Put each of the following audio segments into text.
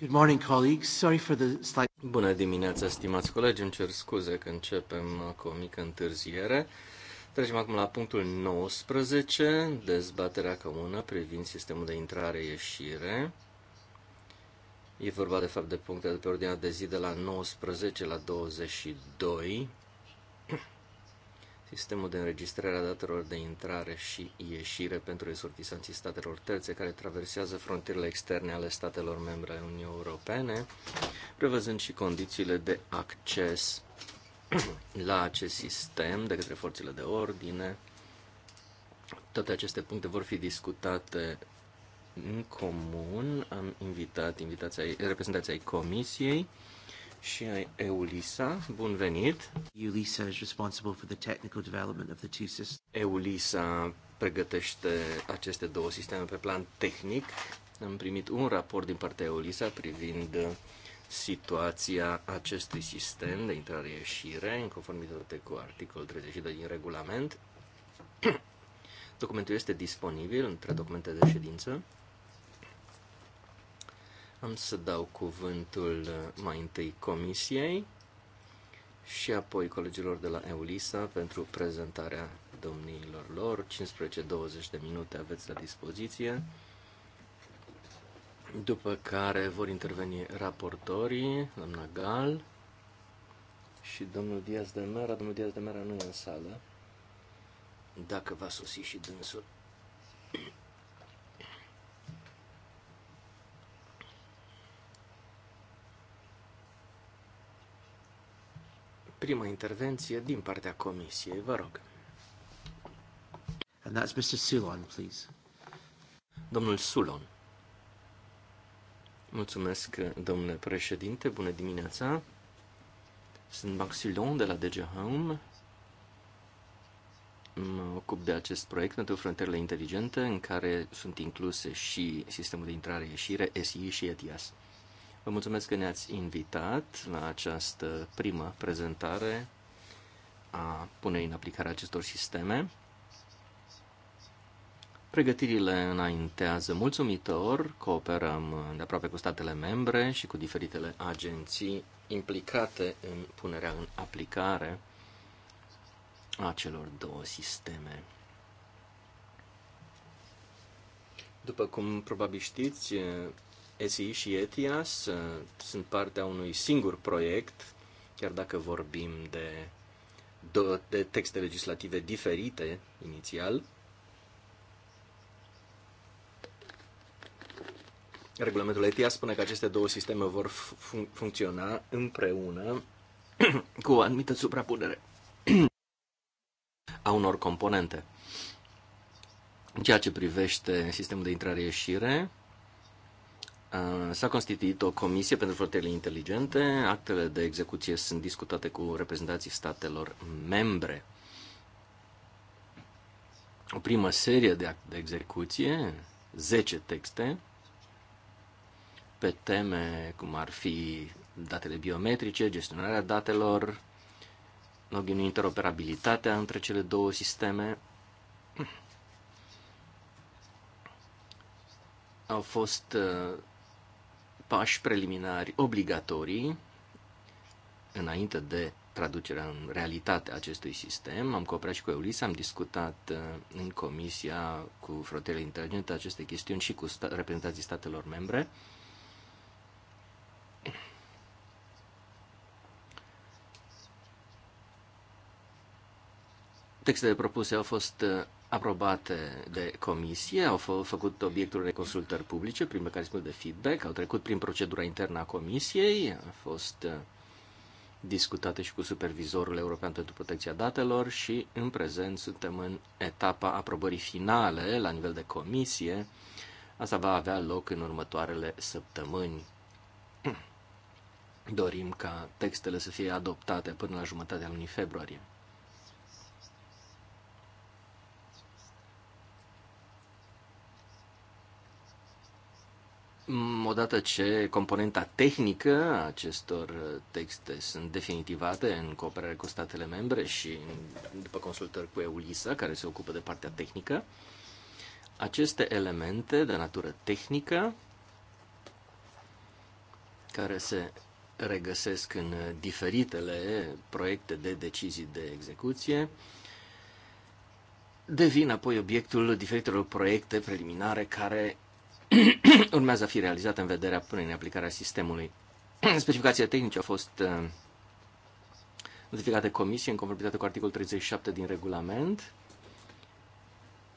Good morning, colleagues. Sorry for the slight... Bună dimineața, stimați colegi. Îmi cer scuze că începem cu o mică întârziere. Trecem acum la punctul 19, dezbaterea comună privind sistemul de intrare-ieșire. E vorba, de fapt, de puncte de pe ordinea de zi de la 19 la 22 sistemul de înregistrare a datelor de intrare și ieșire pentru resortisanții statelor terțe care traversează frontierele externe ale statelor membre ale Uniunii Europene, prevăzând și condițiile de acces la acest sistem de către forțele de ordine. Toate aceste puncte vor fi discutate în comun. Am invitat invitația, reprezentanții ai Comisiei și Eulisa. Bun venit! Eulisa is responsible for the technical development of the two systems. Eulisa pregătește aceste două sisteme pe plan tehnic. Am primit un raport din partea Eulisa privind situația acestui sistem de intrare-ieșire în conformitate cu articolul 32 din regulament. Documentul este disponibil între documente de ședință. Am să dau cuvântul uh, mai întâi comisiei și apoi colegilor de la EULISA pentru prezentarea domniilor lor. 15-20 de minute aveți la dispoziție. După care vor interveni raportorii, doamna Gal și domnul Diaz de Mera. Domnul Diaz de Mera nu e în sală. Dacă va sosi și dânsul. prima intervenție din partea Comisiei. Vă rog. And that's Mr. Sulon, please. Domnul Sulon. Mulțumesc, domnule președinte. Bună dimineața. Sunt Max Sulon de la DG Home. Mă ocup de acest proiect pentru frontierele inteligente, în care sunt incluse și sistemul de intrare-ieșire, SI și ETIAS. Vă mulțumesc că ne-ați invitat la această primă prezentare a punerii în aplicare acestor sisteme. Pregătirile înaintează mulțumitor, cooperăm de aproape cu statele membre și cu diferitele agenții implicate în punerea în aplicare a celor două sisteme. După cum probabil știți, ESI și ETIAS uh, sunt partea unui singur proiect, chiar dacă vorbim de, de texte legislative diferite inițial. Regulamentul ETIAS spune că aceste două sisteme vor fun- funcționa împreună cu o anumită suprapunere a unor componente. În ceea ce privește sistemul de intrare-ieșire, Uh, s-a constituit o comisie pentru frontierele inteligente. Actele de execuție sunt discutate cu reprezentanții statelor membre. O primă serie de acte de execuție, 10 texte, pe teme cum ar fi datele biometrice, gestionarea datelor, login interoperabilitatea între cele două sisteme. Au fost uh, pași preliminari obligatorii înainte de traducerea în realitate a acestui sistem. Am cooperat și cu Eulisa, am discutat uh, în comisia cu frontierele inteligente aceste chestiuni și cu sta- reprezentanții statelor membre. Textele propuse au fost uh, aprobate de comisie, au fă, făcut obiectul unei consultări publice prin mecanismul de feedback, au trecut prin procedura internă a comisiei, au fost uh, discutate și cu supervizorul european pentru protecția datelor și în prezent suntem în etapa aprobării finale la nivel de comisie. Asta va avea loc în următoarele săptămâni. Dorim ca textele să fie adoptate până la jumătatea lunii februarie. Mm, odată ce componenta tehnică a acestor uh, texte sunt definitivate în cooperare cu statele membre și după consultări cu EULISA, care se ocupă de partea tehnică, aceste elemente de natură tehnică care se regăsesc în uh, diferitele proiecte de decizii de execuție, devin apoi obiectul diferitelor proiecte preliminare care urmează a fi realizată în vederea punerii în aplicare a sistemului. Specificațiile tehnice au fost uh, notificate comisie în conformitate cu articolul 37 din regulament.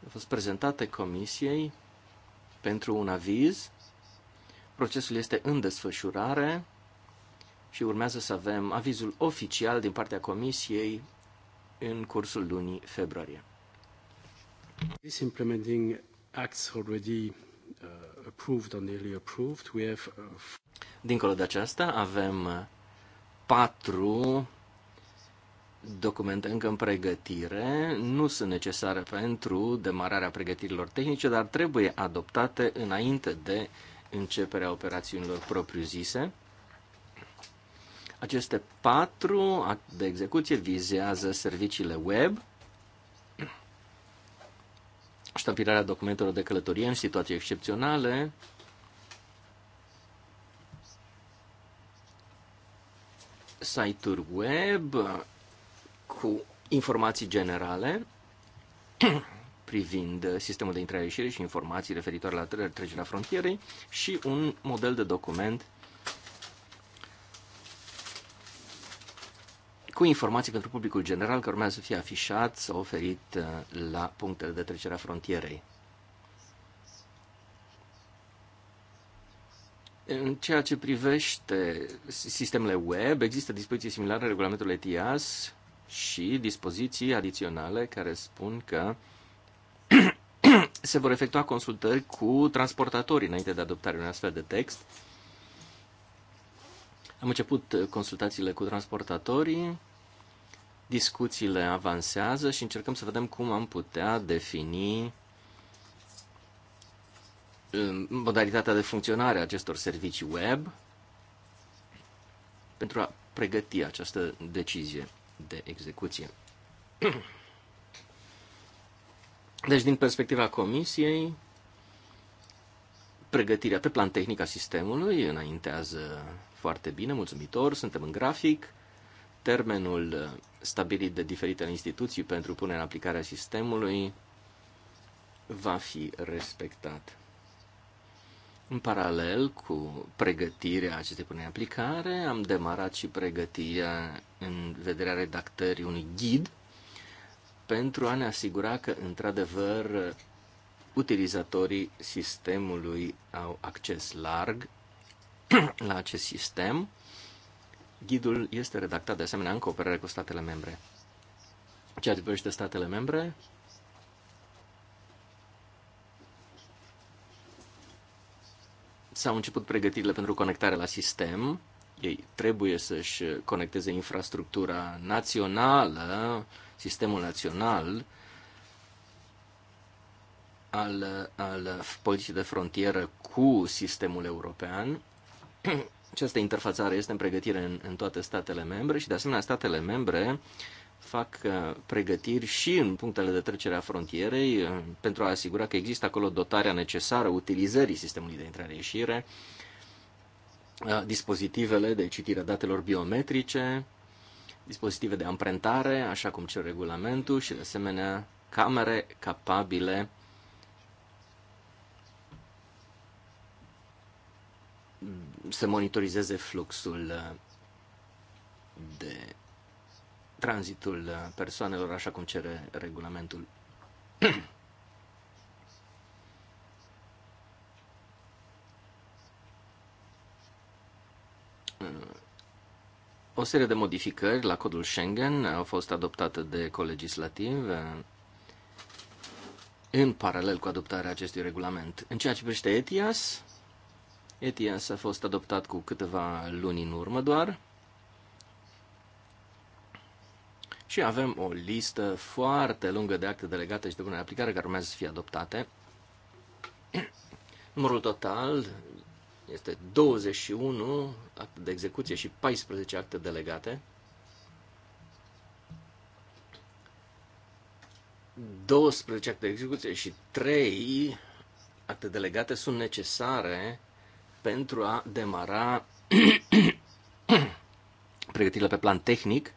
Au fost prezentate comisiei pentru un aviz. Procesul este în desfășurare și urmează să avem avizul oficial din partea comisiei în cursul lunii februarie. This implementing acts already Uh, approved or nearly approved, we have... Uh, Dincolo de aceasta, avem uh, patru documente încă în pregătire, nu sunt necesare pentru demararea pregătirilor tehnice, dar trebuie adoptate înainte de începerea operațiunilor propriu-zise. Aceste patru de execuție vizează serviciile web, ștampilarea documentelor de călătorie în situații excepționale, site-uri web cu informații generale privind sistemul de intrare-ieșire și informații referitoare la trecerea frontierei și un model de document cu informații pentru publicul general care urmează să fie afișat sau oferit uh, la punctele de trecere a frontierei. În ceea ce privește sistemele web, există dispoziții similare în regulamentul ETIAS și dispoziții adiționale care spun că se vor efectua consultări cu transportatorii înainte de adoptarea unui astfel de text. Am început uh, consultațiile cu transportatorii Discuțiile avansează și încercăm să vedem cum am putea defini um, modalitatea de funcționare a acestor servicii web pentru a pregăti această decizie de execuție. Deci, din perspectiva Comisiei, pregătirea pe plan tehnic a sistemului înaintează foarte bine, mulțumitor, suntem în grafic termenul uh, stabilit de diferitele instituții pentru punerea în aplicare a sistemului va fi respectat. În paralel cu pregătirea acestei pune în aplicare, am demarat și pregătirea în vederea redactării unui ghid pentru a ne asigura că, într-adevăr, utilizatorii sistemului au acces larg la acest sistem Ghidul este redactat de asemenea în cooperare cu statele membre. Ceea ce privește statele membre, s-au început pregătirile pentru conectare la sistem. Ei trebuie să-și conecteze infrastructura națională, sistemul național al, al politicii de frontieră cu sistemul european această interfațare este în pregătire în, în toate statele membre și, de asemenea, statele membre fac uh, pregătiri și în punctele de trecere a frontierei uh, pentru a asigura că există acolo dotarea necesară utilizării sistemului de intrare-ieșire, uh, dispozitivele de citire a datelor biometrice, dispozitive de amprentare, așa cum cer regulamentul, și de asemenea camere capabile să monitorizeze fluxul uh, de tranzitul uh, persoanelor, așa cum cere regulamentul. Uh, o serie de modificări la codul Schengen au fost adoptate de colegislativ în paralel cu adoptarea acestui regulament. În ceea ce privește ETIAS, ETIAS a fost adoptat cu câteva luni în urmă doar. Și avem o listă foarte lungă de acte delegate și de bună aplicare care urmează să fie adoptate. Numărul total este 21 acte de execuție și 14 acte delegate. 12 acte de execuție și 3 acte delegate sunt necesare pentru a demara pregătirile pe plan tehnic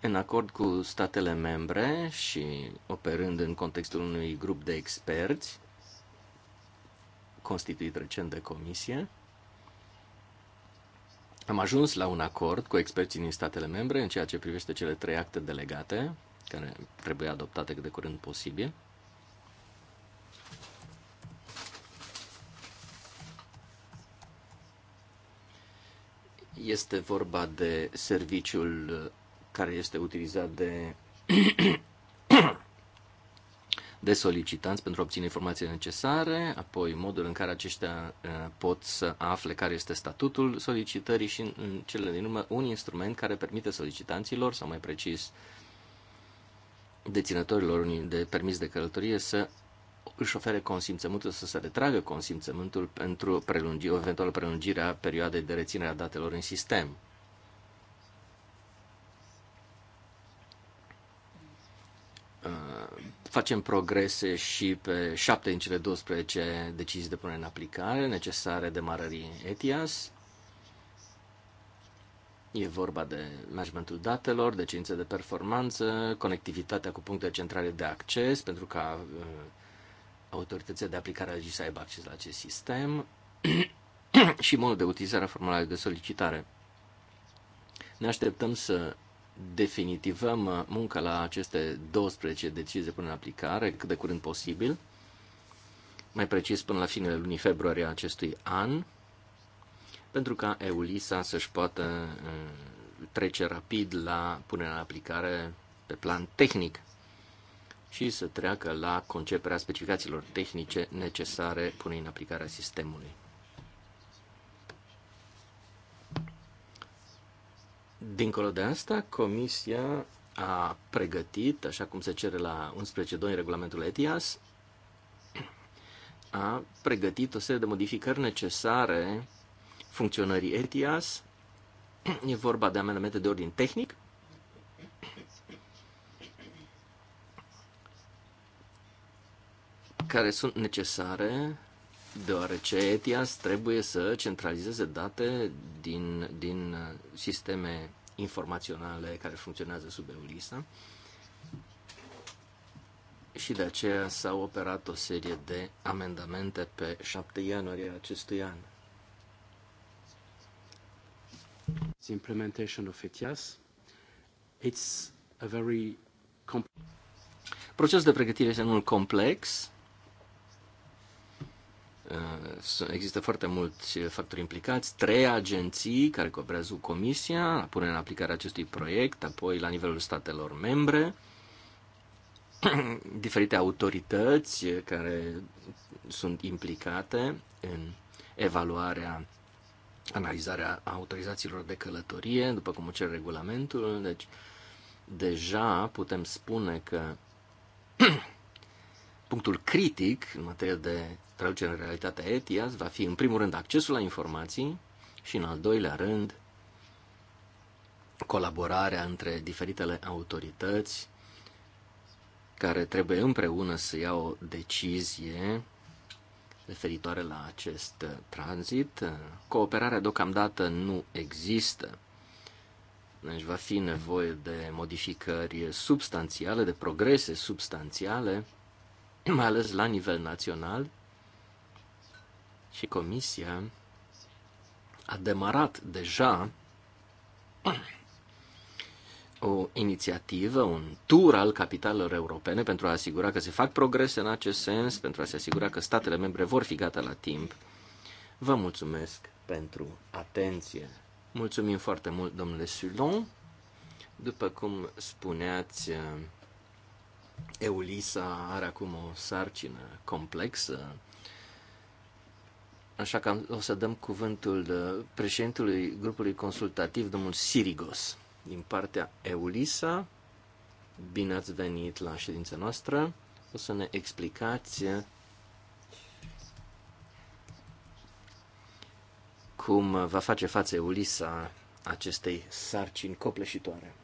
în acord cu statele membre și operând în contextul unui grup de experți constituit recent de comisie, am ajuns la un acord cu experții din statele membre în ceea ce privește cele trei acte delegate, care trebuie adoptate cât de curând posibil. Este vorba de serviciul uh, care este utilizat de, de solicitanți pentru a obține informațiile necesare, apoi modul în care aceștia uh, pot să afle care este statutul solicitării și, în cele din urmă, un instrument care permite solicitanților, sau mai precis deținătorilor de permis de călătorie, să își ofere consimțământul să se retragă consimțământul pentru prelungi, o eventuală prelungire a perioadei de reținere a datelor în sistem. Uh, facem progrese și pe șapte din cele 12 decizii de punere în aplicare necesare demarării ETIAS. E vorba de managementul datelor, de cerințe de performanță, conectivitatea cu punctele centrale de acces, pentru ca uh, autoritățile de aplicare a legii să aibă acces la acest sistem și modul de utilizare a formularului de solicitare. Ne așteptăm să definitivăm uh, munca la aceste 12 decizii de până în aplicare cât de curând posibil, mai precis până la finele lunii februarie a acestui an, pentru ca EULISA să-și poată uh, trece rapid la punerea în aplicare pe plan tehnic și să treacă la conceperea specificațiilor tehnice necesare punei în aplicarea sistemului. Dincolo de asta, Comisia a pregătit, așa cum se cere la 11.2 în regulamentul ETIAS, a pregătit o serie de modificări necesare funcționării ETIAS. E vorba de amendamente de ordin tehnic care sunt necesare deoarece ETIAS trebuie să centralizeze date din, din sisteme informaționale care funcționează sub EULISA și de aceea s-au operat o serie de amendamente pe 7 ianuarie acestui an. The implementation of ETIAS, it's a very proces de pregătire este unul complex, Există foarte mulți factori implicați, trei agenții care cooperează cu Comisia la punerea în aplicare acestui proiect, apoi la nivelul statelor membre, diferite autorități care sunt implicate în evaluarea, analizarea autorizațiilor de călătorie, după cum cer regulamentul. Deci, deja putem spune că punctul critic în materie de traducere în realitatea ETIAS va fi, în primul rând, accesul la informații și, în al doilea rând, colaborarea între diferitele autorități care trebuie împreună să ia o decizie referitoare la acest uh, tranzit. Uh, cooperarea deocamdată nu există. Deci va fi nevoie de modificări substanțiale, de progrese substanțiale mai ales la nivel național, și Comisia a demarat deja o inițiativă, un tur al capitalelor europene pentru a asigura că se fac progrese în acest sens, pentru a se asigura că statele membre vor fi gata la timp. Vă mulțumesc pentru atenție. Mulțumim foarte mult, domnule Sulon. După cum spuneați, Eulisa are acum o sarcină complexă, așa că o să dăm cuvântul uh, președintelui grupului consultativ, domnul Sirigos, din partea Eulisa. Bine ați venit la ședința noastră. O să ne explicați uh, cum va face față Eulisa acestei sarcini copleșitoare.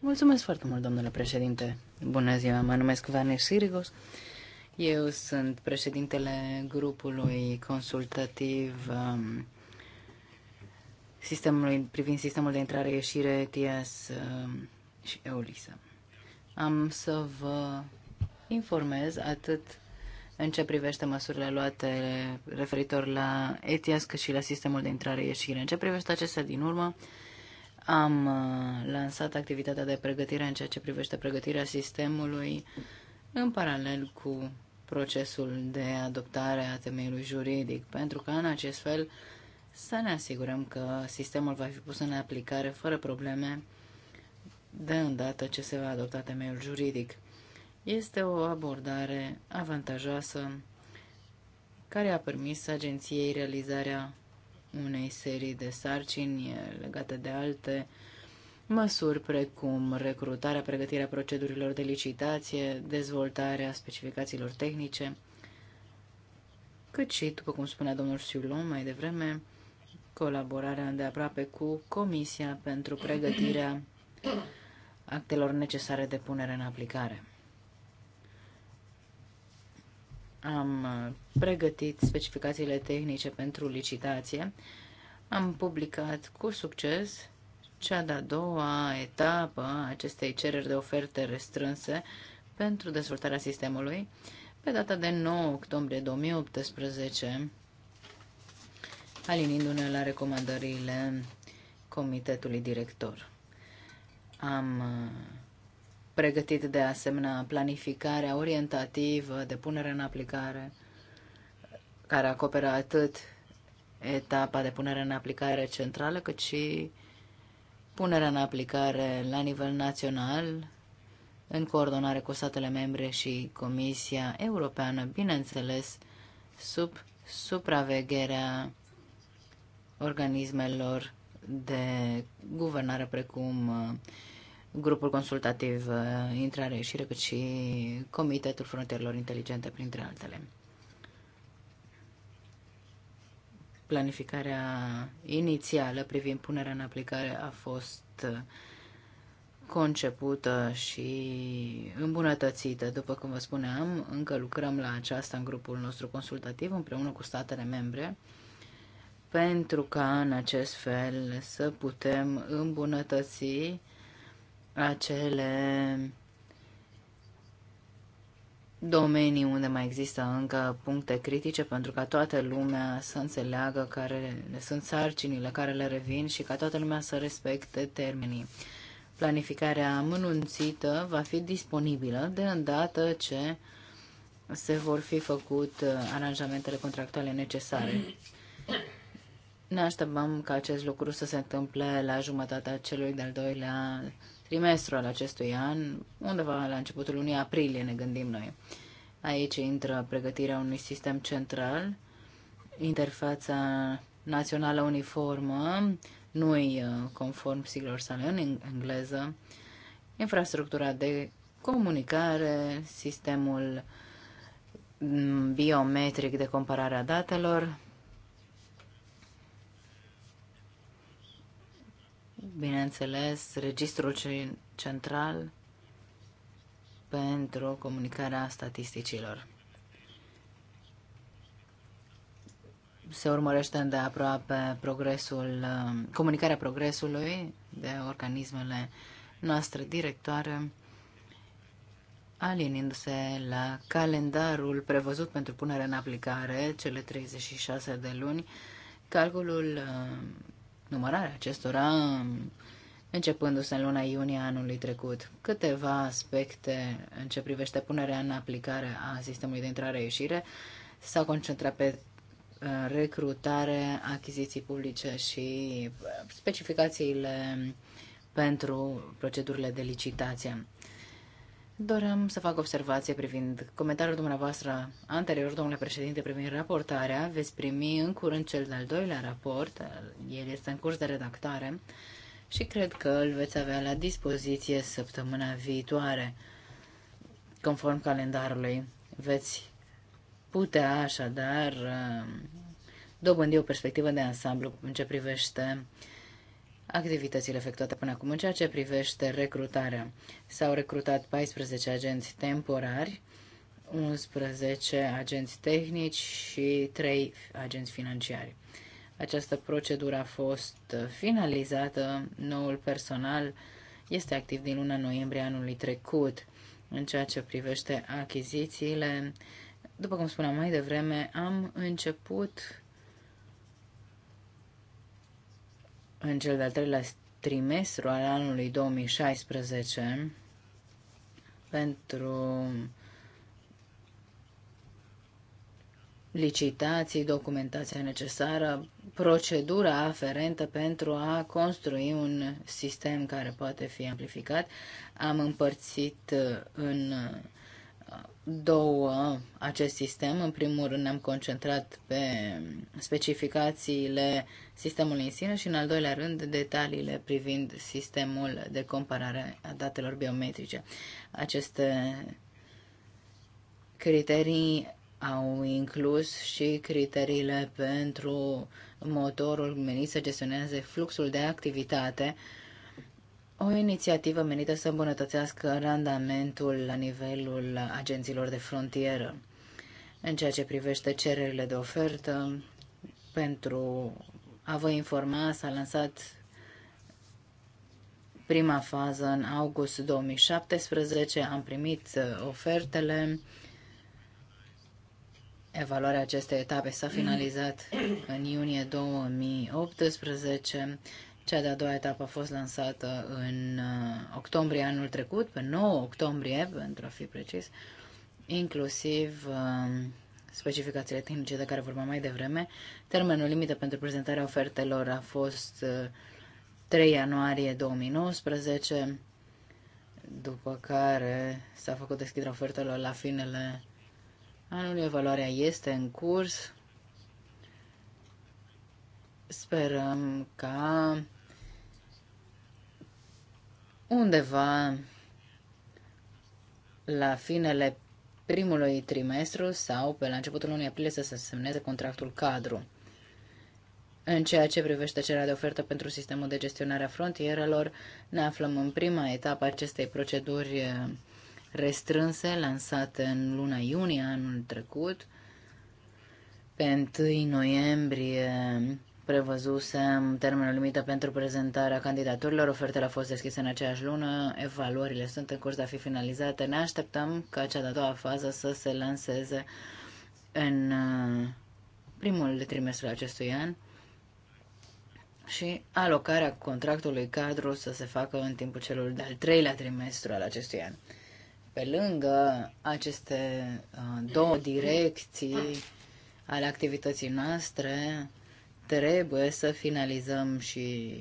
Mulțumesc foarte mult, domnule președinte. Bună ziua, mă numesc Vane Sirigos. Eu sunt președintele grupului consultativ um, sistemului, privind sistemul de intrare-ieșire TIAS um, și EULISA. Am să vă informez atât în ce privește măsurile luate referitor la ETIAS cât și la sistemul de intrare-ieșire. În ce privește acestea din urmă, am uh, lansat activitatea de pregătire în ceea ce privește pregătirea sistemului în paralel cu procesul de adoptare a temeiului juridic, pentru că în acest fel să ne asigurăm că sistemul va fi pus în aplicare fără probleme de îndată ce se va adopta temeiul juridic. Este o abordare avantajoasă care a permis agenției realizarea unei serii de sarcini legate de alte măsuri precum recrutarea, pregătirea procedurilor de licitație, dezvoltarea specificațiilor tehnice, cât și, după cum spunea domnul Siulon mai devreme, colaborarea de aproape cu Comisia pentru pregătirea actelor necesare de punere în aplicare. am uh, pregătit specificațiile tehnice pentru licitație, am publicat cu succes cea de-a doua etapă a acestei cereri de oferte restrânse pentru dezvoltarea sistemului pe data de 9 octombrie 2018, alinindu-ne la recomandările comitetului director. Am uh, pregătit de asemenea planificarea orientativă de punere în aplicare, care acoperă atât etapa de punere în aplicare centrală, cât și punerea în aplicare la nivel național, în coordonare cu statele membre și Comisia Europeană, bineînțeles, sub supravegherea organismelor de guvernare precum uh, grupul consultativ uh, intrare și cât și Comitetul Frontierilor Inteligente, printre altele. Planificarea inițială privind punerea în aplicare a fost uh, concepută și îmbunătățită. După cum vă spuneam, încă lucrăm la aceasta în grupul nostru consultativ împreună cu statele membre pentru ca în acest fel să putem îmbunătăți acele domenii unde mai există încă puncte critice pentru ca toată lumea să înțeleagă care sunt sarcinile care le revin și ca toată lumea să respecte termenii. Planificarea amănunțită va fi disponibilă de îndată ce se vor fi făcut uh, aranjamentele contractuale necesare. Ne așteptăm ca acest lucru să se întâmple la jumătatea celui de-al doilea trimestru al acestui an, undeva la începutul lunii aprilie ne gândim noi. Aici intră pregătirea unui sistem central, interfața națională uniformă, nu uh, conform siglor sale în engleză, infrastructura de comunicare, sistemul mm, biometric de comparare a datelor, bineînțeles, registrul central pentru comunicarea statisticilor. Se urmărește de aproape progresul, um, comunicarea progresului de organismele noastre directoare, alinindu-se la calendarul prevăzut pentru punerea în aplicare, cele 36 de luni, calculul um, numărarea acestora începându-se în luna iunie anului trecut. Câteva aspecte în ce privește punerea în aplicare a sistemului de intrare-ieșire s-au concentrat pe uh, recrutare, achiziții publice și uh, specificațiile pentru procedurile de licitație. Doream să fac observație privind comentariul dumneavoastră anterior, domnule președinte, privind raportarea. Veți primi în curând cel de-al doilea raport, el este în curs de redactare și cred că îl veți avea la dispoziție săptămâna viitoare. Conform calendarului, veți putea așadar uh, dobândi o perspectivă de ansamblu în ce privește uh, activitățile efectuate până acum. În ceea ce privește recrutarea, s-au recrutat 14 agenți temporari, 11 agenți tehnici și 3 agenți financiari. Această procedură a fost finalizată, noul personal este activ din luna noiembrie anului trecut. În ceea ce privește achizițiile, după cum spuneam mai devreme, am început în cel de-al treilea trimestru al anului 2016 pentru licitații, documentația necesară, procedura aferentă pentru a construi un sistem care poate fi amplificat. Am împărțit în două acest sistem. În primul rând ne-am concentrat pe specificațiile sistemului în sine și în al doilea rând detaliile privind sistemul de comparare a datelor biometrice. Aceste criterii au inclus și criteriile pentru motorul menit să gestioneze fluxul de activitate uh, o inițiativă menită să îmbunătățească randamentul la nivelul agenților de frontieră în ceea ce privește cererile de ofertă. Pentru a vă informa, s-a lansat prima fază în august 2017. Am primit uh, ofertele. Evaluarea acestei etape s-a finalizat în iunie 2018 cea de-a doua etapă a fost lansată în uh, octombrie anul trecut, pe 9 octombrie, pentru a fi precis, inclusiv um, specificațiile tehnice de care vorbeam mai devreme. Termenul limită pentru prezentarea ofertelor a fost 3 uh, ianuarie 2019, după care s-a făcut deschiderea ofertelor la finele anului. Evaluarea este în curs. Sperăm ca undeva la finele primului trimestru sau pe la începutul lunii aprilie să se semneze contractul cadru. În ceea ce privește cererea de ofertă pentru sistemul de gestionare a frontierelor, ne aflăm în prima etapă acestei proceduri eh, restrânse, lansate în luna iunie anul trecut. Pe 1 noiembrie prevăzusem termenul limită pentru prezentarea candidaturilor. Ofertele au fost deschise în aceeași lună, evaluările sunt în curs de a fi finalizate. Ne așteptăm ca cea de-a doua fază să se lanseze în uh, primul trimestru acestui an și alocarea contractului cadru să se facă în timpul celor de-al treilea trimestru al acestui an. Pe lângă aceste uh, două direcții ale activității noastre, Trebuie să finalizăm și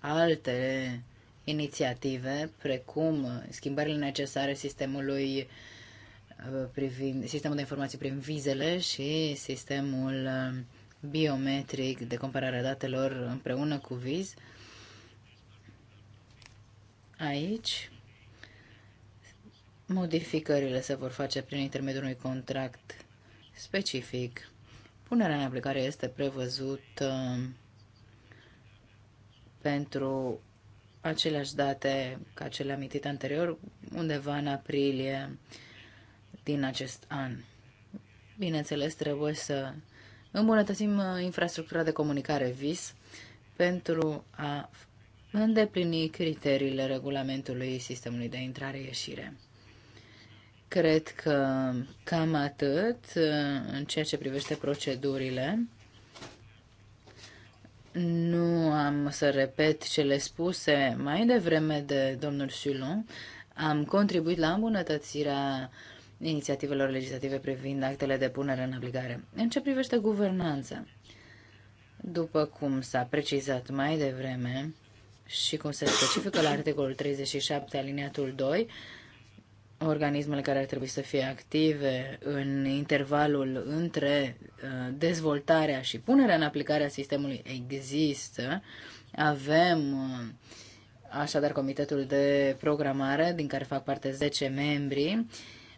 alte inițiative, precum schimbările necesare sistemului uh, privind sistemul de informații prin vizele și sistemul uh, biometric de comparare a datelor împreună cu viz. Aici modificările se vor face prin intermediul unui contract specific Punerea în aplicare este prevăzută uh, pentru aceleași date ca cele amintite anterior, undeva în aprilie din acest an. Bineînțeles, trebuie să îmbunătățim uh, infrastructura de comunicare VIS pentru a îndeplini criteriile regulamentului sistemului de intrare-ieșire. Cred că cam atât uh, în ceea ce privește procedurile. Nu am să repet cele spuse mai devreme de domnul Sulon. Am contribuit la îmbunătățirea inițiativelor legislative privind actele de punere în aplicare. În ce privește guvernanța, după cum s-a precizat mai devreme și cum se specifică la articolul 37 aliniatul 2, organismele care ar trebui să fie active în intervalul între uh, dezvoltarea și punerea în aplicare a sistemului există. Avem uh, așadar Comitetul de Programare, din care fac parte 10 membri.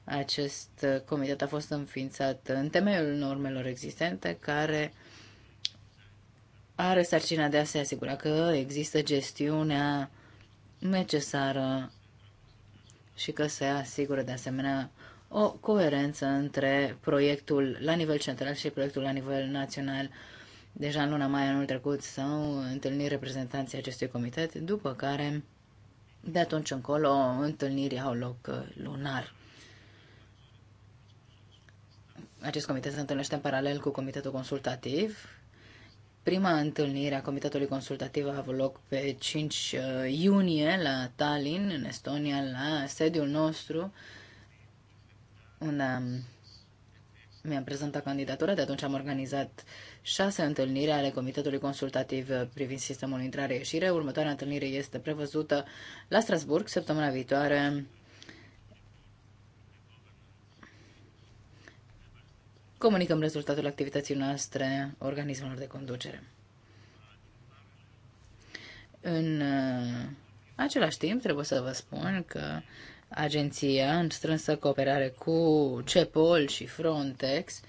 Acest uh, comitet a fost înființat în temeiul normelor existente, care are sarcina de a se asigura că există gestiunea necesară și că se asigură de asemenea o coerență între proiectul la nivel central și proiectul la nivel național. Deja în luna mai anul trecut s-au întâlnit reprezentanții acestui comitet, după care de atunci încolo întâlnirii au loc uh, lunar. Acest comitet se întâlnește în paralel cu comitetul consultativ, Prima întâlnire a Comitetului Consultativ a avut loc pe 5 uh, iunie la Tallinn, în Estonia, la sediul nostru, unde am, mi-am prezentat candidatura. De atunci am organizat șase întâlniri ale Comitetului Consultativ privind sistemul intrare-ieșire. Următoarea întâlnire este prevăzută la Strasburg, săptămâna viitoare, comunicăm rezultatul activității noastre organismelor de conducere. În uh, același timp, trebuie să vă spun că agenția, în strânsă cooperare cu CEPOL și Frontex,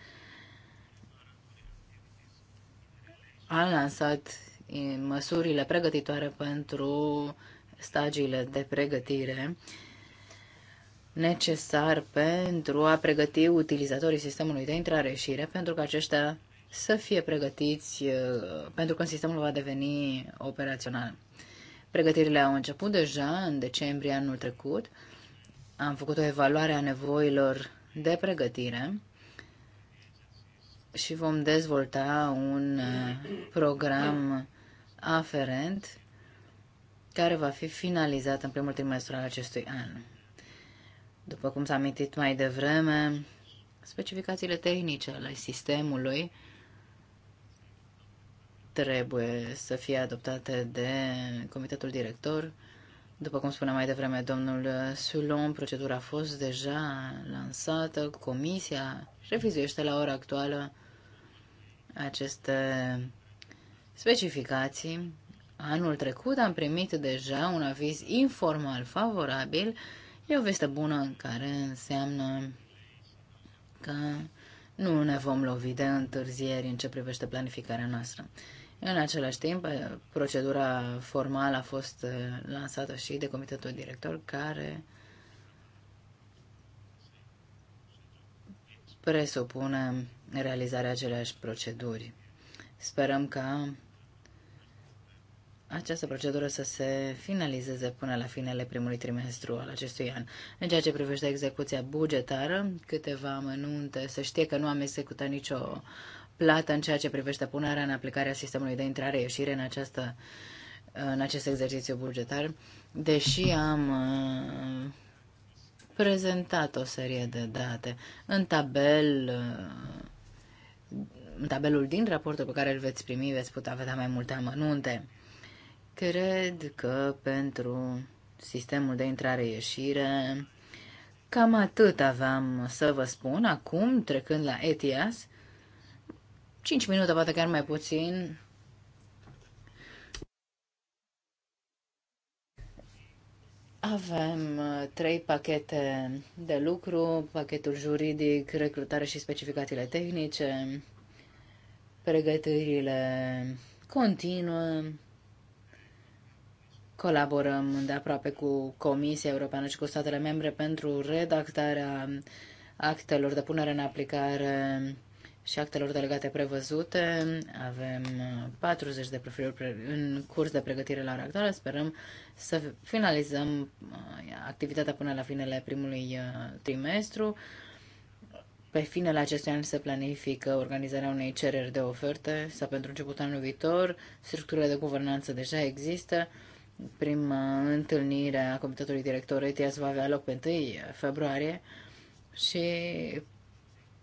a lansat uh, măsurile pregătitoare pentru stagiile de pregătire necesar pentru a pregăti utilizatorii sistemului de intrare-ieșire, și pentru că aceștia să fie pregătiți uh, pentru că sistemul va deveni operațional. Pregătirile au început deja în decembrie anul trecut. Am făcut o evaluare a nevoilor de pregătire și vom dezvolta un uh, program aferent care va fi finalizat în primul trimestru al acestui an. După cum s-a amintit mai devreme, specificațiile tehnice ale sistemului trebuie să fie adoptate de comitetul director. După cum spunea mai devreme domnul Sulon, procedura a fost deja lansată, comisia revizuiește la ora actuală aceste specificații. Anul trecut am primit deja un aviz informal favorabil E o veste bună care înseamnă că nu ne vom lovi de întârzieri în ce privește planificarea noastră. În același timp, procedura formală a fost uh, lansată și de comitetul director care presupune realizarea aceleași proceduri. Sperăm că această procedură să se finalizeze până la finele primului trimestru al acestui an. În ceea ce privește execuția bugetară, câteva amănunte, să știe că nu am executat nicio plată în ceea ce privește punerea în aplicare a sistemului de intrare-ieșire în, această, în acest exercițiu bugetar, deși am uh, prezentat o serie de date. În tabel uh, în tabelul din raportul pe care îl veți primi veți putea vedea mai multe amănunte. Cred că pentru sistemul de intrare-ieșire cam atât aveam să vă spun. Acum, trecând la ETIAS, 5 minute, poate chiar mai puțin, Avem uh, trei pachete de lucru, pachetul juridic, recrutare și specificațiile tehnice, pregătirile continuă, Colaborăm de aproape cu Comisia Europeană și cu statele membre pentru redactarea actelor de punere în aplicare și actelor delegate prevăzute. Avem 40 uh, de profiluri în curs de pregătire la redactare. Sperăm să finalizăm uh, activitatea până la finele primului uh, trimestru. Pe finele acestui an se planifică organizarea unei cereri de oferte sau pentru începutul anului viitor. Structurile de guvernanță deja există. Prima întâlnire a Comitetului Director ETS va avea loc pe 1 februarie și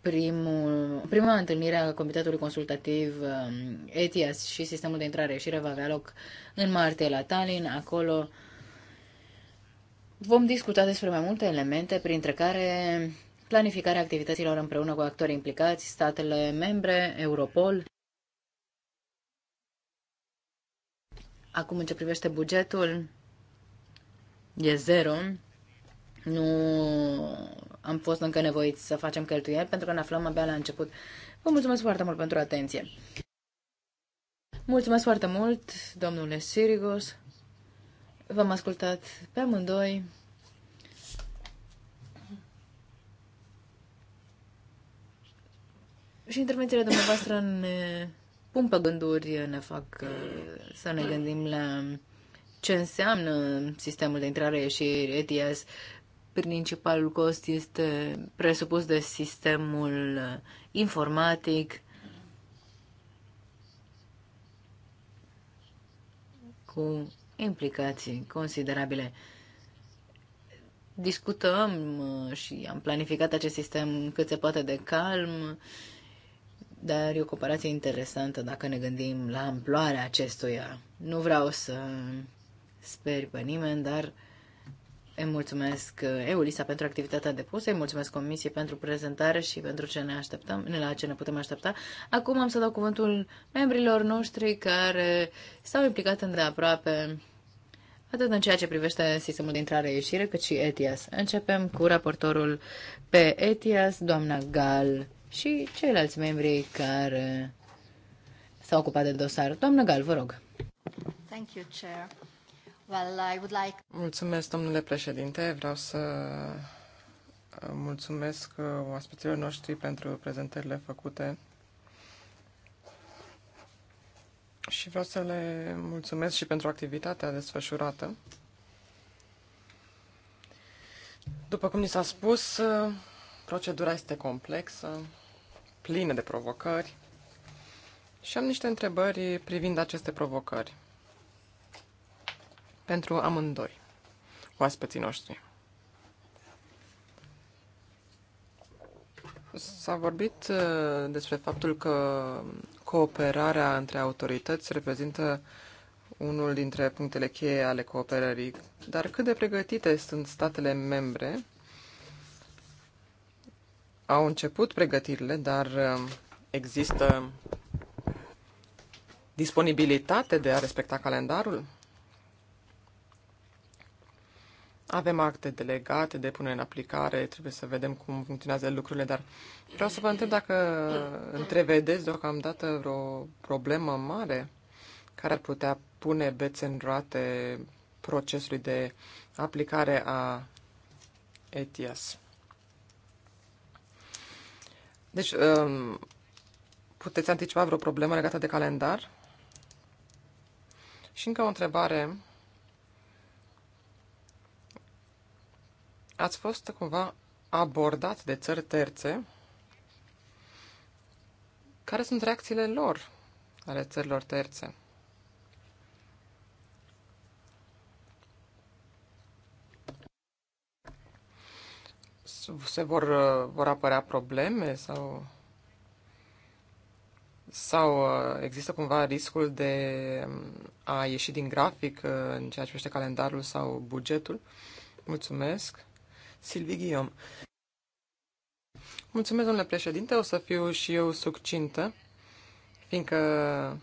primul, prima întâlnire a Comitetului Consultativ um, ETS și Sistemul de Intrare-Ieșire va avea loc în martie la Tallinn. Acolo vom discuta despre mai multe elemente, printre care planificarea activităților împreună cu actorii implicați, statele membre, Europol, Acum, în ce privește bugetul, e zero. Nu am fost încă nevoiți să facem cheltuieli pentru că ne aflăm abia la început. Vă mulțumesc foarte mult pentru atenție. Mulțumesc foarte mult, domnule Sirigos. V-am ascultat pe amândoi. Și intervențiile dumneavoastră ne pun pe gânduri, ne fac uh, să ne gândim la ce înseamnă sistemul de intrare și ETS. Principalul cost este presupus de sistemul uh, informatic, cu implicații considerabile. Discutăm uh, și am planificat acest sistem cât se poate de calm dar e o comparație interesantă dacă ne gândim la amploarea acestuia. Nu vreau să speri pe nimeni, dar îi mulțumesc uh, Eulisa pentru activitatea depusă, îi mulțumesc Comisiei pentru prezentare și pentru ce ne așteptăm, la ce ne putem aștepta. Acum am să dau cuvântul membrilor noștri care s-au implicat îndeaproape atât în ceea ce privește sistemul de intrare-ieșire, cât și ETIAS. Începem cu raportorul pe ETIAS, doamna Gal și ceilalți membri care s-au ocupat de dosar. Doamnă Gal, vă rog. Thank you, Chair. Well, I would like... Mulțumesc, domnule președinte. Vreau să mulțumesc oaspeților noștri pentru prezentările făcute și vreau să le mulțumesc și pentru activitatea desfășurată. După cum ni s-a spus, procedura este complexă plină de provocări și am niște întrebări privind aceste provocări pentru amândoi oaspeții noștri. S-a vorbit uh, despre faptul că cooperarea între autorități reprezintă unul dintre punctele cheie ale cooperării, dar cât de pregătite sunt statele membre au început pregătirile, dar um, există disponibilitate de a respecta calendarul? Avem acte delegate de punere în aplicare, trebuie să vedem cum funcționează lucrurile, dar vreau să vă întreb dacă întrevedeți deocamdată vreo problemă mare care ar putea pune bețe în roate procesului de aplicare a ETIAS. Deci, um, puteți anticipa vreo problemă legată de calendar? Și încă o întrebare. Ați fost cumva abordat de țări terțe? Care sunt reacțiile lor ale țărilor terțe? se vor, uh, vor apărea probleme sau, sau uh, există cumva riscul de um, a ieși din grafic uh, în ceea ce privește calendarul sau bugetul? Mulțumesc. Silvi Ghiom. Mulțumesc, domnule președinte, o să fiu și eu succintă, fiindcă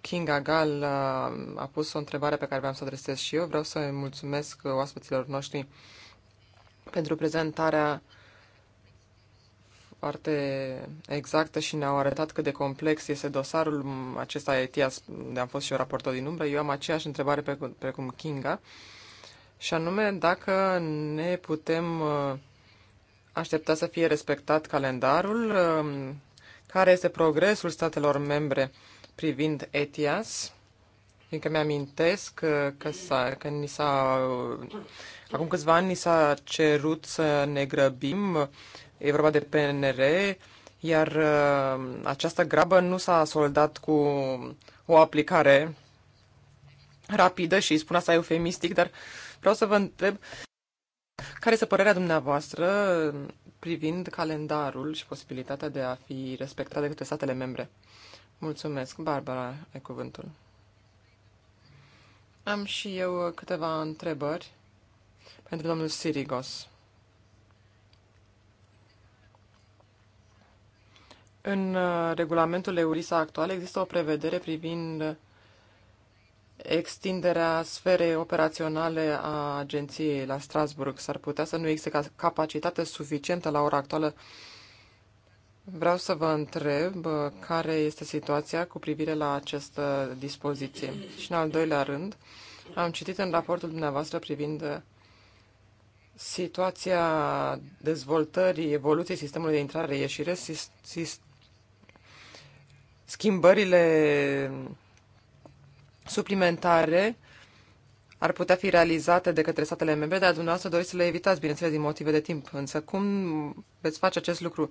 Kinga Gal a pus o întrebare pe care vreau să o adresez și eu. Vreau să mulțumesc oaspeților noștri pentru prezentarea foarte exactă și ne-au arătat cât de complex este dosarul acesta ETIAS, de am fost și eu raportor din umbră. Eu am aceeași întrebare precum Kinga, și anume dacă ne putem uh, aștepta să fie respectat calendarul, uh, care este progresul statelor membre privind ETIAS fiindcă mi-amintesc că, că, s-a, că ni s-a, acum câțiva ani ni s-a cerut să ne grăbim, e vorba de PNR, iar uh, această grabă nu s-a soldat cu o aplicare rapidă și spun asta eufemistic, dar vreau să vă întreb care este părerea dumneavoastră privind calendarul și posibilitatea de a fi respectat de către statele membre. Mulțumesc, Barbara, ai cuvântul. Am și eu uh, câteva întrebări pentru domnul Sirigos. În uh, regulamentul EURISA actual există o prevedere privind uh, extinderea sferei operaționale a agenției la Strasburg. S-ar putea să nu existe capacitate suficientă la ora actuală Vreau să vă întreb uh, care este situația cu privire la această dispoziție. Și în al doilea rând, am citit în raportul dumneavoastră privind uh, situația dezvoltării, evoluției sistemului de intrare-ieșire, schimbările suplimentare ar putea fi realizate de către statele membre, dar dumneavoastră doriți să le evitați, bineînțeles, din motive de timp. Însă cum veți face acest lucru?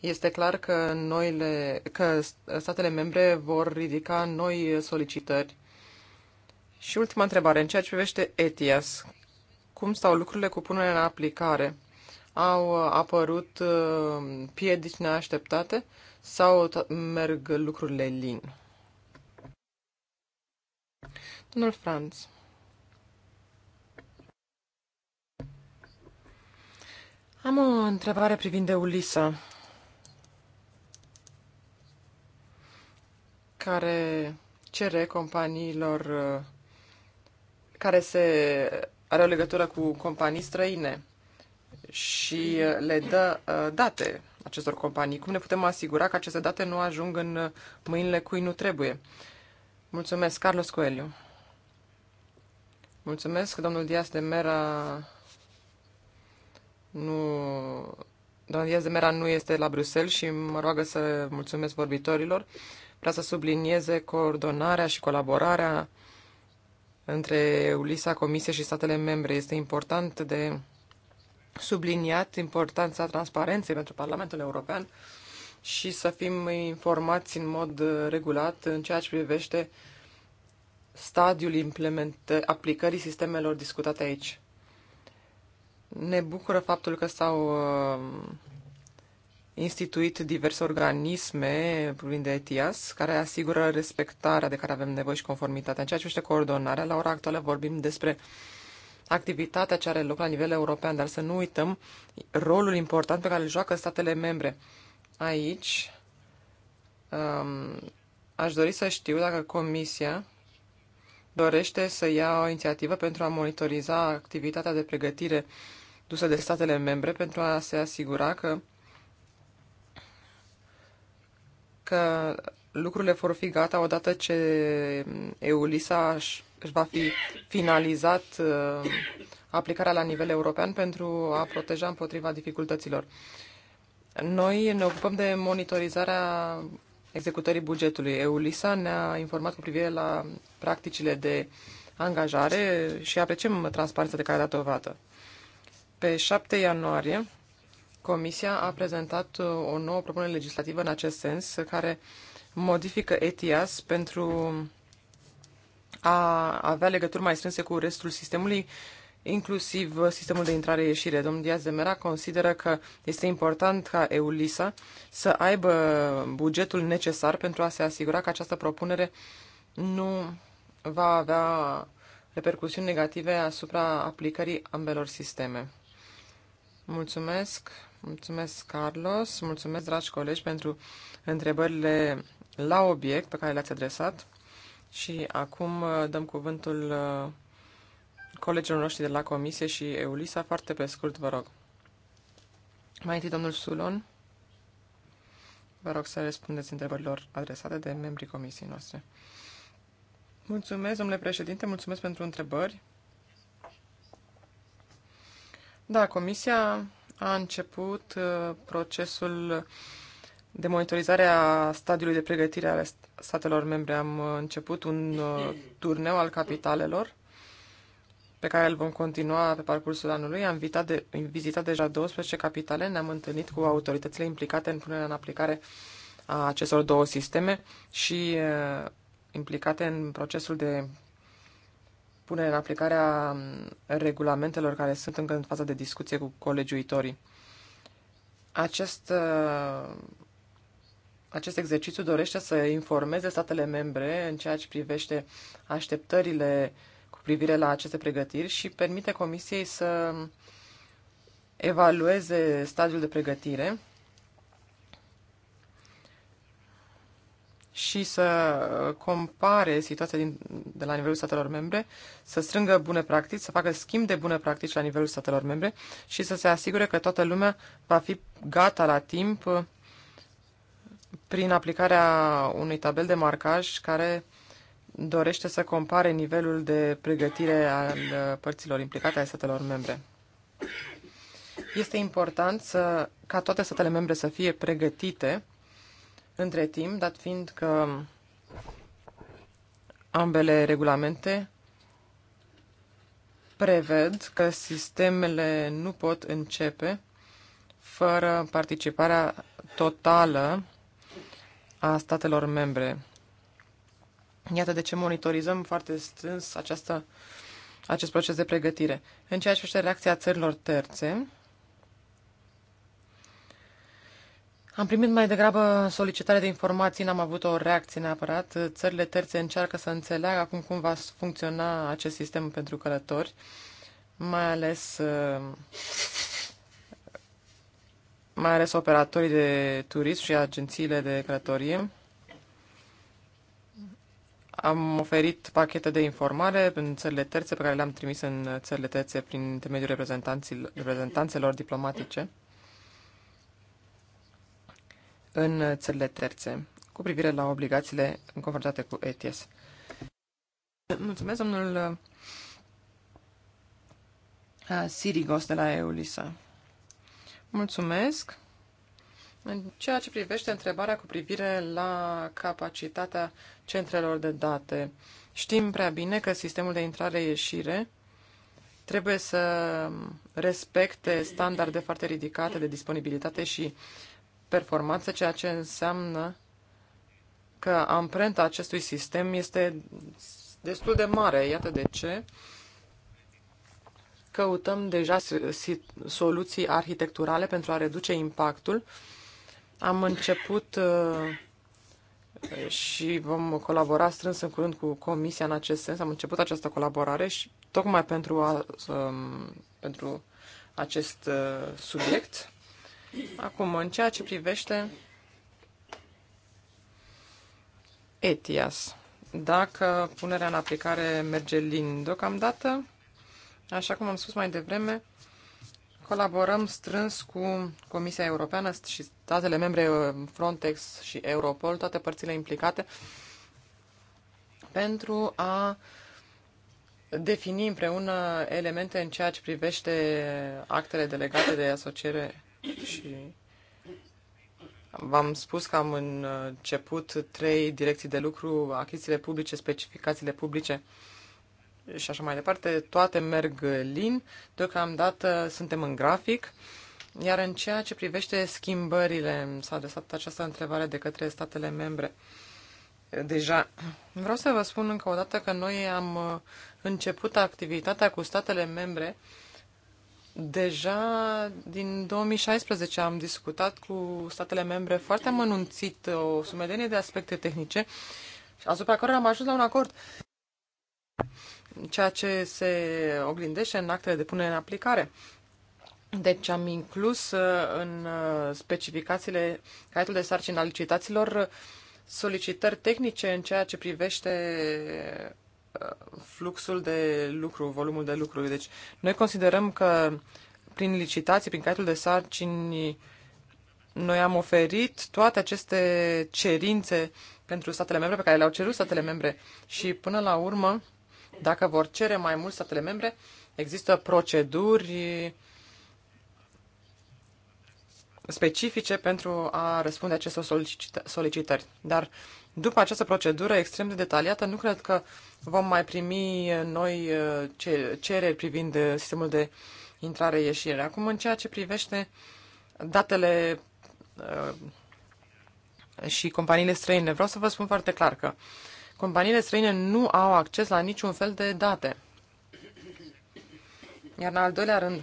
Este clar că, noile, că statele membre vor ridica noi solicitări. Și ultima întrebare, în ceea ce privește ETIAS, cum stau lucrurile cu punerea în aplicare? Au apărut uh, piedici neașteptate sau merg lucrurile lin? Domnul Franz. Am o întrebare privind de Ulisa. care cere companiilor uh, care se are o legătură cu companii străine și uh, le dă uh, date acestor companii. Cum ne putem asigura că aceste date nu ajung în mâinile cui nu trebuie? Mulțumesc, Carlos Coelho. Mulțumesc, domnul Dias de Mera. Nu... Domnul Dias de Mera nu este la Bruxelles și mă roagă să mulțumesc vorbitorilor vrea să sublinieze coordonarea și colaborarea între ULISA, Comisie și statele membre. Este important de subliniat importanța transparenței pentru Parlamentul European și să fim informați în mod regulat în ceea ce privește stadiul aplicării sistemelor discutate aici. Ne bucură faptul că s-au uh, instituit diverse organisme de ETIAS care asigură respectarea de care avem nevoie și conformitatea. În ceea ce privește coordonarea, la ora actuală vorbim despre activitatea ce are loc la nivel european, dar să nu uităm rolul important pe care îl joacă statele membre. Aici um, aș dori să știu dacă Comisia dorește să ia o inițiativă pentru a monitoriza activitatea de pregătire dusă de statele membre pentru a se asigura că că lucrurile vor fi gata odată ce EULISA își va fi finalizat uh, aplicarea la nivel european pentru a proteja împotriva dificultăților. Noi ne ocupăm de monitorizarea executării bugetului. EULISA ne-a informat cu privire la practicile de angajare și apreciem transparența de care a dat dovadă. Pe 7 ianuarie, Comisia a prezentat uh, o nouă propunere legislativă în acest sens, care modifică ETIAS pentru a avea legături mai strânse cu restul sistemului, inclusiv sistemul de intrare-ieșire. Domnul Diaz de Mera consideră că este important ca EULISA să aibă bugetul necesar pentru a se asigura că această propunere nu va avea repercusiuni negative asupra aplicării ambelor sisteme. Mulțumesc! Mulțumesc, Carlos. Mulțumesc, dragi colegi, pentru întrebările la obiect pe care le-ați adresat. Și acum uh, dăm cuvântul uh, colegilor noștri de la Comisie și Eulisa. Foarte pe scurt, vă rog. Mai întâi, domnul Sulon. Vă rog să răspundeți întrebărilor adresate de membrii comisiei noastre. Mulțumesc, domnule președinte, mulțumesc pentru întrebări. Da, comisia a început uh, procesul de monitorizare a stadiului de pregătire ale statelor membre. Am uh, început un uh, turneu al capitalelor pe care îl vom continua pe parcursul anului. Am vizitat, de, am vizitat deja 12 capitale, ne-am întâlnit cu autoritățile implicate în punerea în aplicare a acestor două sisteme și implicate în procesul de punerea în aplicarea mm, regulamentelor care sunt încă în faza de discuție cu colegiuitorii. Acest, uh, acest exercițiu dorește să informeze statele membre în ceea ce privește așteptările cu privire la aceste pregătiri și permite Comisiei să evalueze stadiul de pregătire și să uh, compare situația din, de la nivelul statelor membre, să strângă bune practici, să facă schimb de bune practici la nivelul statelor membre și să se asigure că toată lumea va fi gata la timp uh, prin aplicarea unui tabel de marcaj care dorește să compare nivelul de pregătire al uh, părților implicate ale statelor membre. Este important să, ca toate statele membre să fie pregătite între timp, dat fiind că ambele regulamente preved că sistemele nu pot începe fără participarea totală a statelor membre. Iată de ce monitorizăm foarte strâns această, acest proces de pregătire. În ceea ce privește reacția țărilor terțe, Am primit mai degrabă solicitare de informații, n-am avut o reacție neapărat. Țările terțe încearcă să înțeleagă acum cum va funcționa acest sistem pentru călători, mai ales uh, mai ales operatorii de turism și agențiile de călătorie. Am oferit pachete de informare în țările terțe pe care le-am trimis în țările terțe prin intermediul reprezentanților diplomatice în țările terțe cu privire la obligațiile în cu ETS. Mulțumesc, domnul uh, Sirigos de la Eulisa. Mulțumesc. În ceea ce privește întrebarea cu privire la capacitatea centrelor de date, știm prea bine că sistemul de intrare-ieșire trebuie să respecte standarde foarte ridicate de disponibilitate și performanță, ceea ce înseamnă că amprenta acestui sistem este destul de mare. Iată de ce căutăm deja soluții arhitecturale pentru a reduce impactul. Am început uh, și vom colabora strâns în curând cu Comisia în acest sens. Am început această colaborare și tocmai pentru, a, um, pentru acest uh, subiect. Acum, în ceea ce privește ETIAS, dacă punerea în aplicare merge lin deocamdată, așa cum am spus mai devreme, colaborăm strâns cu Comisia Europeană și statele membre Frontex și Europol, toate părțile implicate, pentru a defini împreună elemente în ceea ce privește actele delegate de asociere și v-am spus că am început trei direcții de lucru, achizițiile publice, specificațiile publice și așa mai departe. Toate merg lin, deocamdată suntem în grafic. Iar în ceea ce privește schimbările, s-a adresat această întrebare de către statele membre. Deja, vreau să vă spun încă o dată că noi am început activitatea cu statele membre uh, Deja din 2016 am discutat cu statele membre foarte amănunțit o sumedenie de aspecte tehnice asupra care am ajuns la un acord, ceea ce se oglindește în actele de punere în aplicare. Deci am inclus uh, în uh, specificațiile caietul de sarcină al licitațiilor uh, solicitări tehnice în ceea ce privește fluxul de lucru, volumul de lucru. Deci noi considerăm că prin licitații, prin caietul de sarcini, noi am oferit toate aceste cerințe pentru statele membre, pe care le-au cerut statele membre și până la urmă, dacă vor cere mai mult statele membre, există proceduri specifice pentru a răspunde acestor solicitări. Dar după această procedură extrem de detaliată, nu cred că vom mai primi uh, noi uh, cereri privind uh, sistemul de intrare-ieșire. Acum, în ceea ce privește datele și companiile străine, vreau să vă spun foarte clar că companiile străine nu au acces la niciun fel de date. Iar în al doilea rând,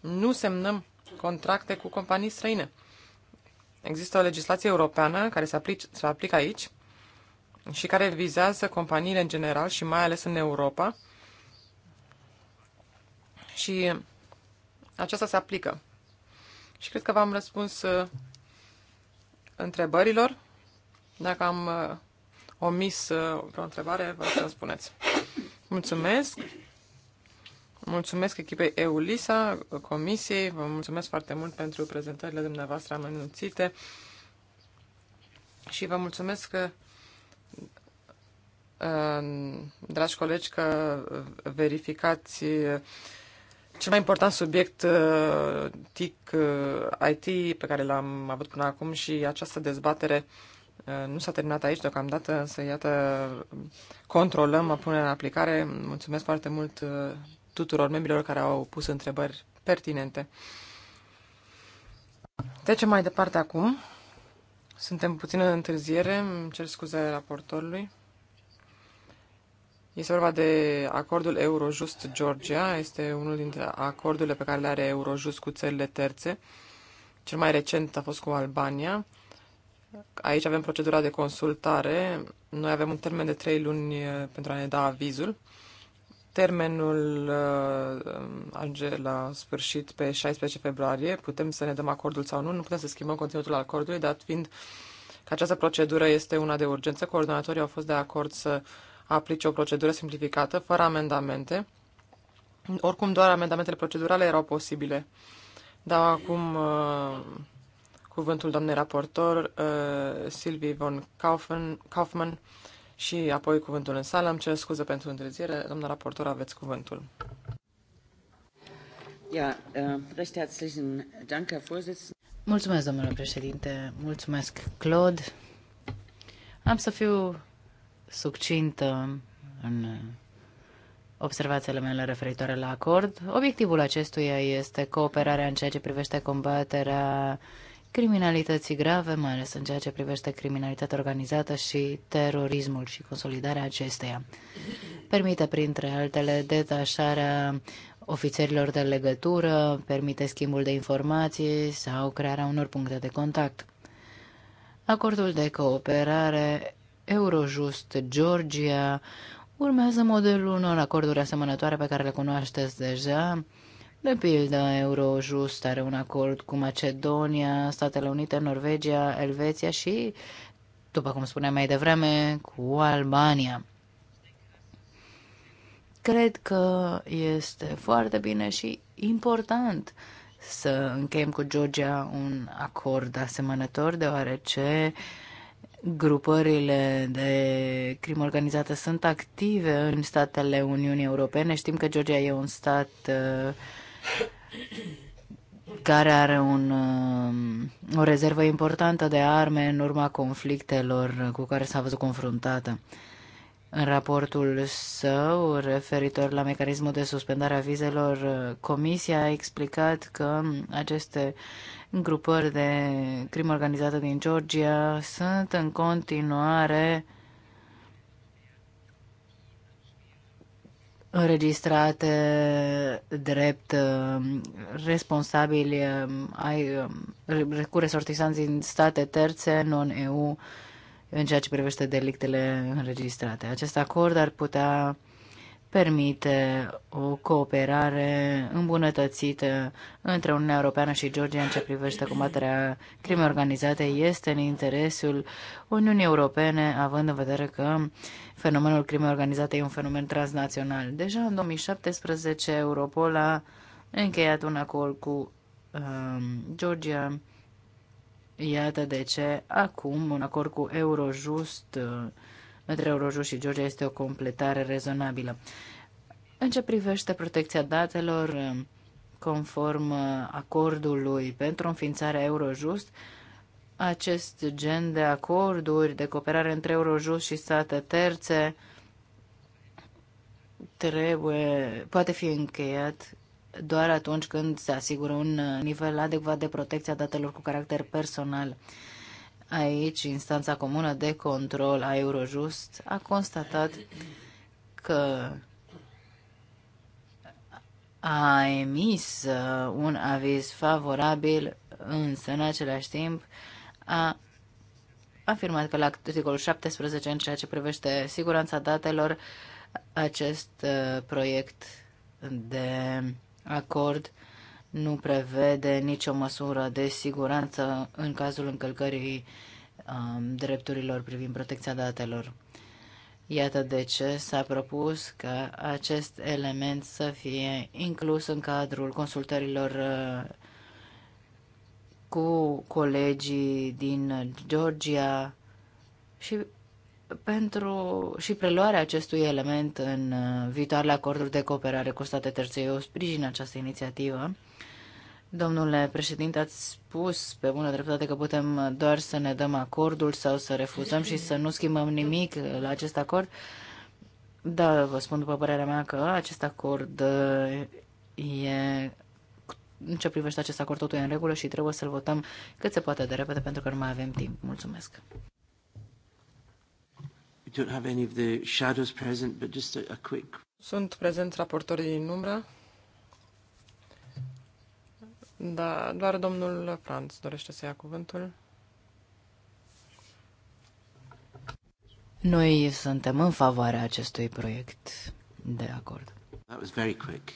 nu semnăm contracte cu companii străine. Există o legislație europeană care se, aplic, se aplică aici și care vizează companiile în general și mai ales în Europa. Și aceasta se aplică. Și cred că v-am răspuns uh, întrebărilor. Dacă am uh, omis uh, o întrebare, vă să spuneți. Mulțumesc! Mulțumesc echipei EULISA, Comisiei, vă mulțumesc foarte mult pentru prezentările dumneavoastră amănunțite și vă mulțumesc că, uh, dragi colegi, că verificați uh, cel mai important subiect uh, TIC, IT pe care l-am avut până acum și această dezbatere nu s-a terminat aici deocamdată, însă iată, controlăm punem în aplicare. Mulțumesc foarte mult tuturor membrilor care au pus întrebări pertinente. Trecem mai departe acum. Suntem puțin în întârziere, îmi cer scuze raportorului. Este vorba de acordul Eurojust Georgia, este unul dintre acordurile pe care le are Eurojust cu țările terțe. Cel mai recent a fost cu Albania. Aici avem procedura de consultare. Noi avem un termen de trei luni eh, pentru a ne da avizul termenul uh, ajunge la sfârșit pe 16 februarie. Putem să ne dăm acordul sau nu, nu putem să schimbăm conținutul acordului, dat fiind că această procedură este una de urgență. Coordonatorii au fost de acord să aplice o procedură simplificată, fără amendamente. Oricum, doar amendamentele procedurale erau posibile. Dau acum uh, cuvântul doamnei raportor, uh, Sylvie von Kaufmann, Kaufmann și apoi cuvântul în sală. Îmi cer scuze pentru întârziere. Doamna raportor, aveți cuvântul. Äh, Mulțumesc, domnule președinte. Mulțumesc, Claude. Am să fiu succintă în observațiile mele referitoare la acord. Obiectivul acestuia este cooperarea în ceea ce privește combaterea uh, criminalității grave, mai ales în ceea ce privește criminalitatea organizată și terorismul și consolidarea acesteia. Permite, printre altele, detașarea ofițerilor de legătură, permite schimbul de informații sau crearea unor puncte de contact. Acordul de cooperare Eurojust-Georgia urmează modelul unor acorduri asemănătoare pe care le cunoașteți deja, de pildă, Eurojust are un acord cu Macedonia, Statele Unite, Norvegia, Elveția și, după cum spuneam mai devreme, cu Albania. Cred că este foarte bine și important să încheiem cu Georgia un acord asemănător, deoarece grupările de crimă organizată sunt active în statele Uniunii Europene. Știm că Georgia e un stat uh, care are un, um, o rezervă importantă de arme în urma conflictelor cu care s-a văzut confruntată. În raportul său referitor la mecanismul de suspendare a vizelor, Comisia a explicat că aceste grupări de crimă organizată din Georgia sunt în continuare înregistrate drept uh, responsabili uh, ai, uh, cu resortisanți din state terțe, non-EU, în ceea ce privește delictele înregistrate. Acest acord ar putea permite o cooperare îmbunătățită între Uniunea Europeană și Georgia în ce privește combaterea crimei organizate. Este în interesul Uniunii Europene, având în vedere că fenomenul crimei organizate e un fenomen transnațional. Deja în 2017, Europol a încheiat un acord cu um, Georgia. Iată de ce acum un acord cu Eurojust uh, între Eurojust și George este o completare rezonabilă. În ce privește protecția datelor, conform acordului pentru înființarea Eurojust, acest gen de acorduri de cooperare între Eurojust și state terțe trebuie, poate fi încheiat doar atunci când se asigură un nivel adecvat de protecție a datelor cu caracter personal. Aici, instanța comună de control a Eurojust a constatat că a emis uh, un aviz favorabil, însă în același timp a afirmat că la articolul 17, în ceea ce privește siguranța datelor, acest uh, proiect de acord uh, nu prevede nicio măsură de siguranță în cazul încălcării um, drepturilor privind protecția datelor. Iată de ce s-a propus ca acest element să fie inclus în cadrul consultărilor uh, cu colegii din Georgia și pentru și preluarea acestui element în uh, viitoarele acorduri de cooperare cu state terțe. Eu sprijin această inițiativă Domnule președinte, ați spus pe bună dreptate că putem doar să ne dăm acordul sau să refuzăm și să nu schimbăm nimic la acest acord. Da, vă spun după părerea mea că acest acord uh, e în ce privește acest acord totul e în regulă și trebuie să-l votăm cât se poate de repede pentru că nu mai avem timp. Mulțumesc. Sunt prezent raportorii din umbră. Da, doar domnul Franț dorește să ia cuvântul. Noi suntem în favoarea acestui proiect de acord. That was very quick.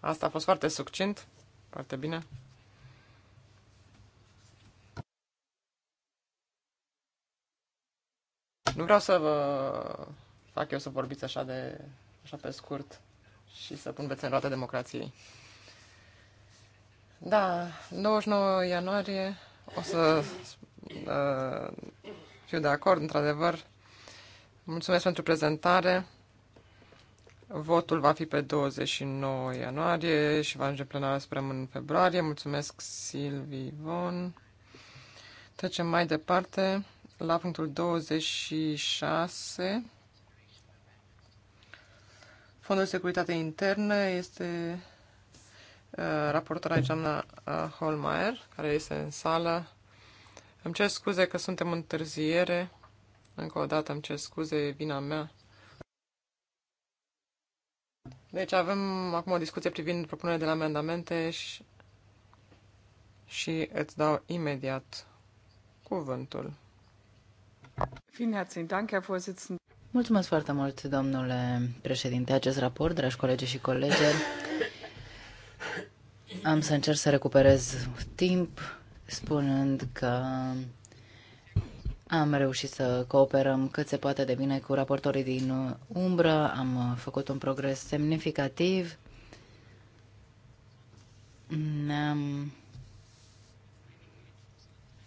Asta a fost foarte succint, foarte bine. Nu vreau să vă fac eu să vorbiți așa de așa pe scurt și să pun bețe în roate democrației. Da, 29 ianuarie o să uh, fiu de acord, într-adevăr. Mulțumesc pentru prezentare. Votul va fi pe 29 ianuarie și va ajunge plenară, spre în februarie. Mulțumesc, Silvi Von. Trecem mai departe la punctul 26. Fondul de Securitate Internă este Eh, raportora aici, eh, Holmeier, care este în sală. Îmi cer scuze că suntem întârziere. Încă o dată îmi cer scuze, e vina mea. Deci avem acum o discuție privind propunerea de la amendamente și, și îți dau imediat cuvântul. Mulțumesc foarte mult, domnule președinte. Acest raport, dragi colegi și colegi. Am să încerc să recuperez timp spunând că am reușit să cooperăm cât se poate de bine cu raportorii din umbră, am făcut un progres semnificativ, ne-am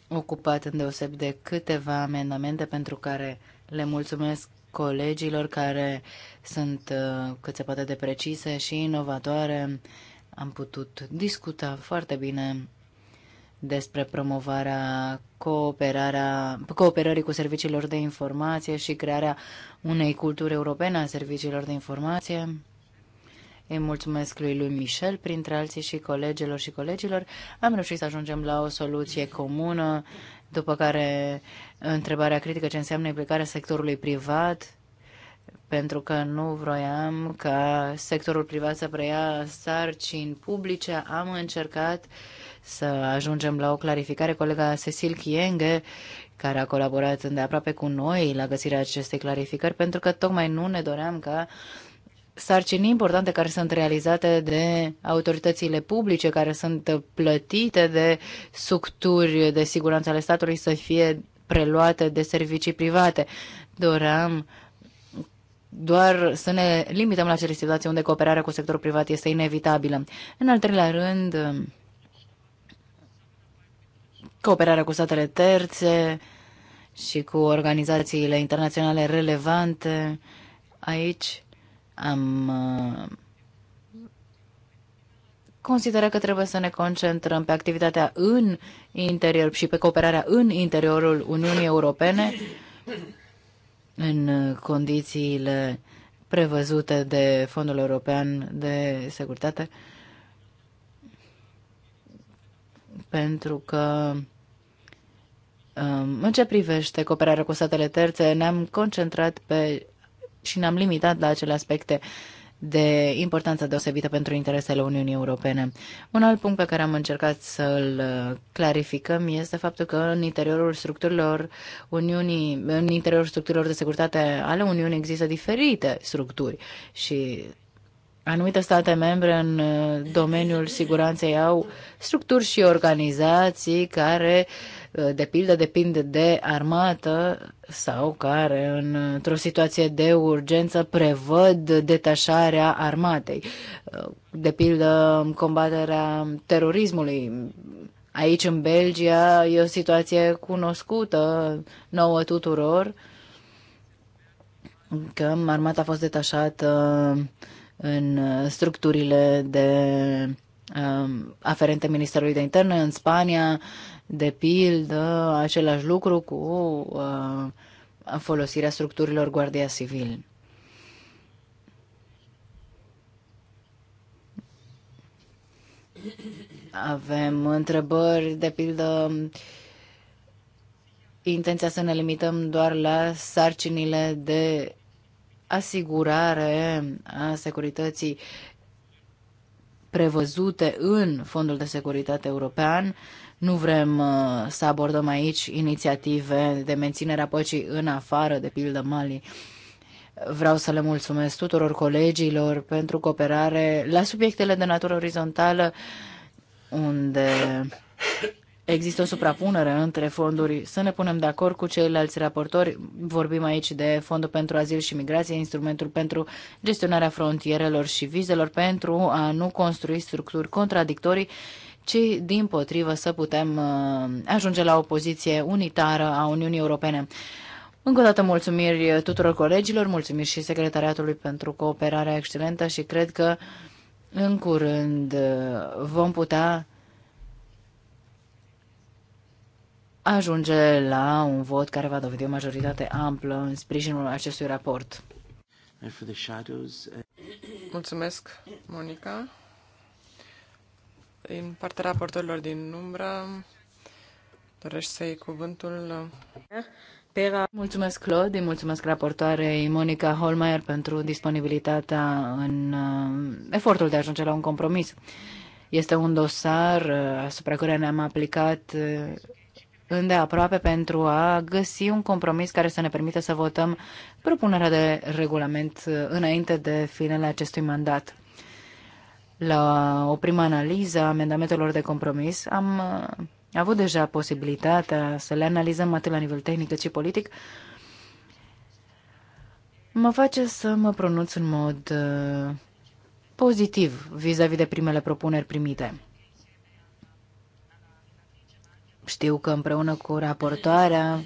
ocupat îndeoseb de câteva amendamente pentru care le mulțumesc colegilor care sunt uh, cât se poate de precise și inovatoare am putut discuta foarte bine despre promovarea cooperarea, cooperării cu serviciilor de informație și crearea unei culturi europene a serviciilor de informație. Îi mulțumesc lui lui Michel, printre alții și colegilor și colegilor. Am reușit să ajungem la o soluție comună, după care întrebarea critică ce înseamnă implicarea sectorului privat pentru că nu vroiam ca sectorul privat să preia sarcini publice. Am încercat să ajungem la o clarificare. Colega Cecil Chienghe, care a colaborat îndeaproape cu noi la găsirea acestei clarificări, pentru că tocmai nu ne doream ca sarcini importante care sunt realizate de autoritățile publice, care sunt plătite de structuri de siguranță ale statului să fie preluate de servicii private. Doream uh, doar să ne limităm la acele situații unde cooperarea cu sectorul privat este inevitabilă. În al treilea rând, cooperarea cu statele terțe și cu organizațiile internaționale relevante. Aici am uh, consideră că trebuie să ne concentrăm pe activitatea în interior și pe cooperarea în interiorul Uniunii Europene în condițiile prevăzute de Fondul European de Securitate, pentru că um, în ce privește cooperarea cu statele terțe, ne-am concentrat pe și ne-am limitat la acele aspecte uh, de importanță deosebită pentru interesele Uniunii Europene. Un alt punct pe care am încercat să-l uh, clarificăm este faptul că în interiorul structurilor Uniunii, în interiorul structurilor de securitate ale Uniunii există diferite structuri și anumite state membre în uh, domeniul siguranței au structuri și organizații care uh, Uh, de pildă depinde de armată sau care într-o situație de urgență prevăd detașarea armatei. Uh, de pildă combaterea terorismului. Aici în Belgia e o situație cunoscută nouă tuturor că armata a fost detașată în structurile de um, aferente Ministerului de Interne în Spania de pildă, același lucru cu uh, folosirea structurilor Guardia Civil. Avem întrebări, de pildă, intenția să ne limităm doar la sarcinile de asigurare a securității prevăzute în Fondul de Securitate European. Uh, nu vrem uh, să abordăm aici inițiative de menținere a păcii în afară, de pildă Mali. Vreau să le mulțumesc tuturor colegilor pentru cooperare la subiectele de natură orizontală, unde Există o suprapunere între fonduri. Să ne punem de acord cu ceilalți raportori. Vorbim aici de Fondul pentru Azil și Migrație, instrumentul pentru gestionarea frontierelor și vizelor, pentru a nu construi structuri contradictorii ci din potrivă să putem uh, ajunge la o poziție unitară a Uniunii Europene. Încă o dată mulțumiri tuturor colegilor, mulțumiri și secretariatului pentru cooperarea excelentă și cred că în curând uh, vom putea ajunge la un vot care va dovedi o majoritate amplă în sprijinul acestui raport. Uh, Mulțumesc, Monica. Din partea raportorilor din umbră, dorești să iei cuvântul? Pera. Mulțumesc, Claude, mulțumesc raportoarei Monica Holmeier pentru disponibilitatea în uh, efortul de a ajunge la un compromis. Este un dosar uh, asupra care ne-am aplicat uh, îndeaproape pentru a găsi un compromis care să ne permită să votăm propunerea de regulament înainte de finele acestui mandat la o primă analiză a amendamentelor de compromis, am uh, avut deja posibilitatea să le analizăm atât la nivel tehnic cât și politic, mă face să mă pronunț în mod uh, pozitiv vis-a-vis -vis de primele propuneri primite. Știu că împreună cu raportoarea,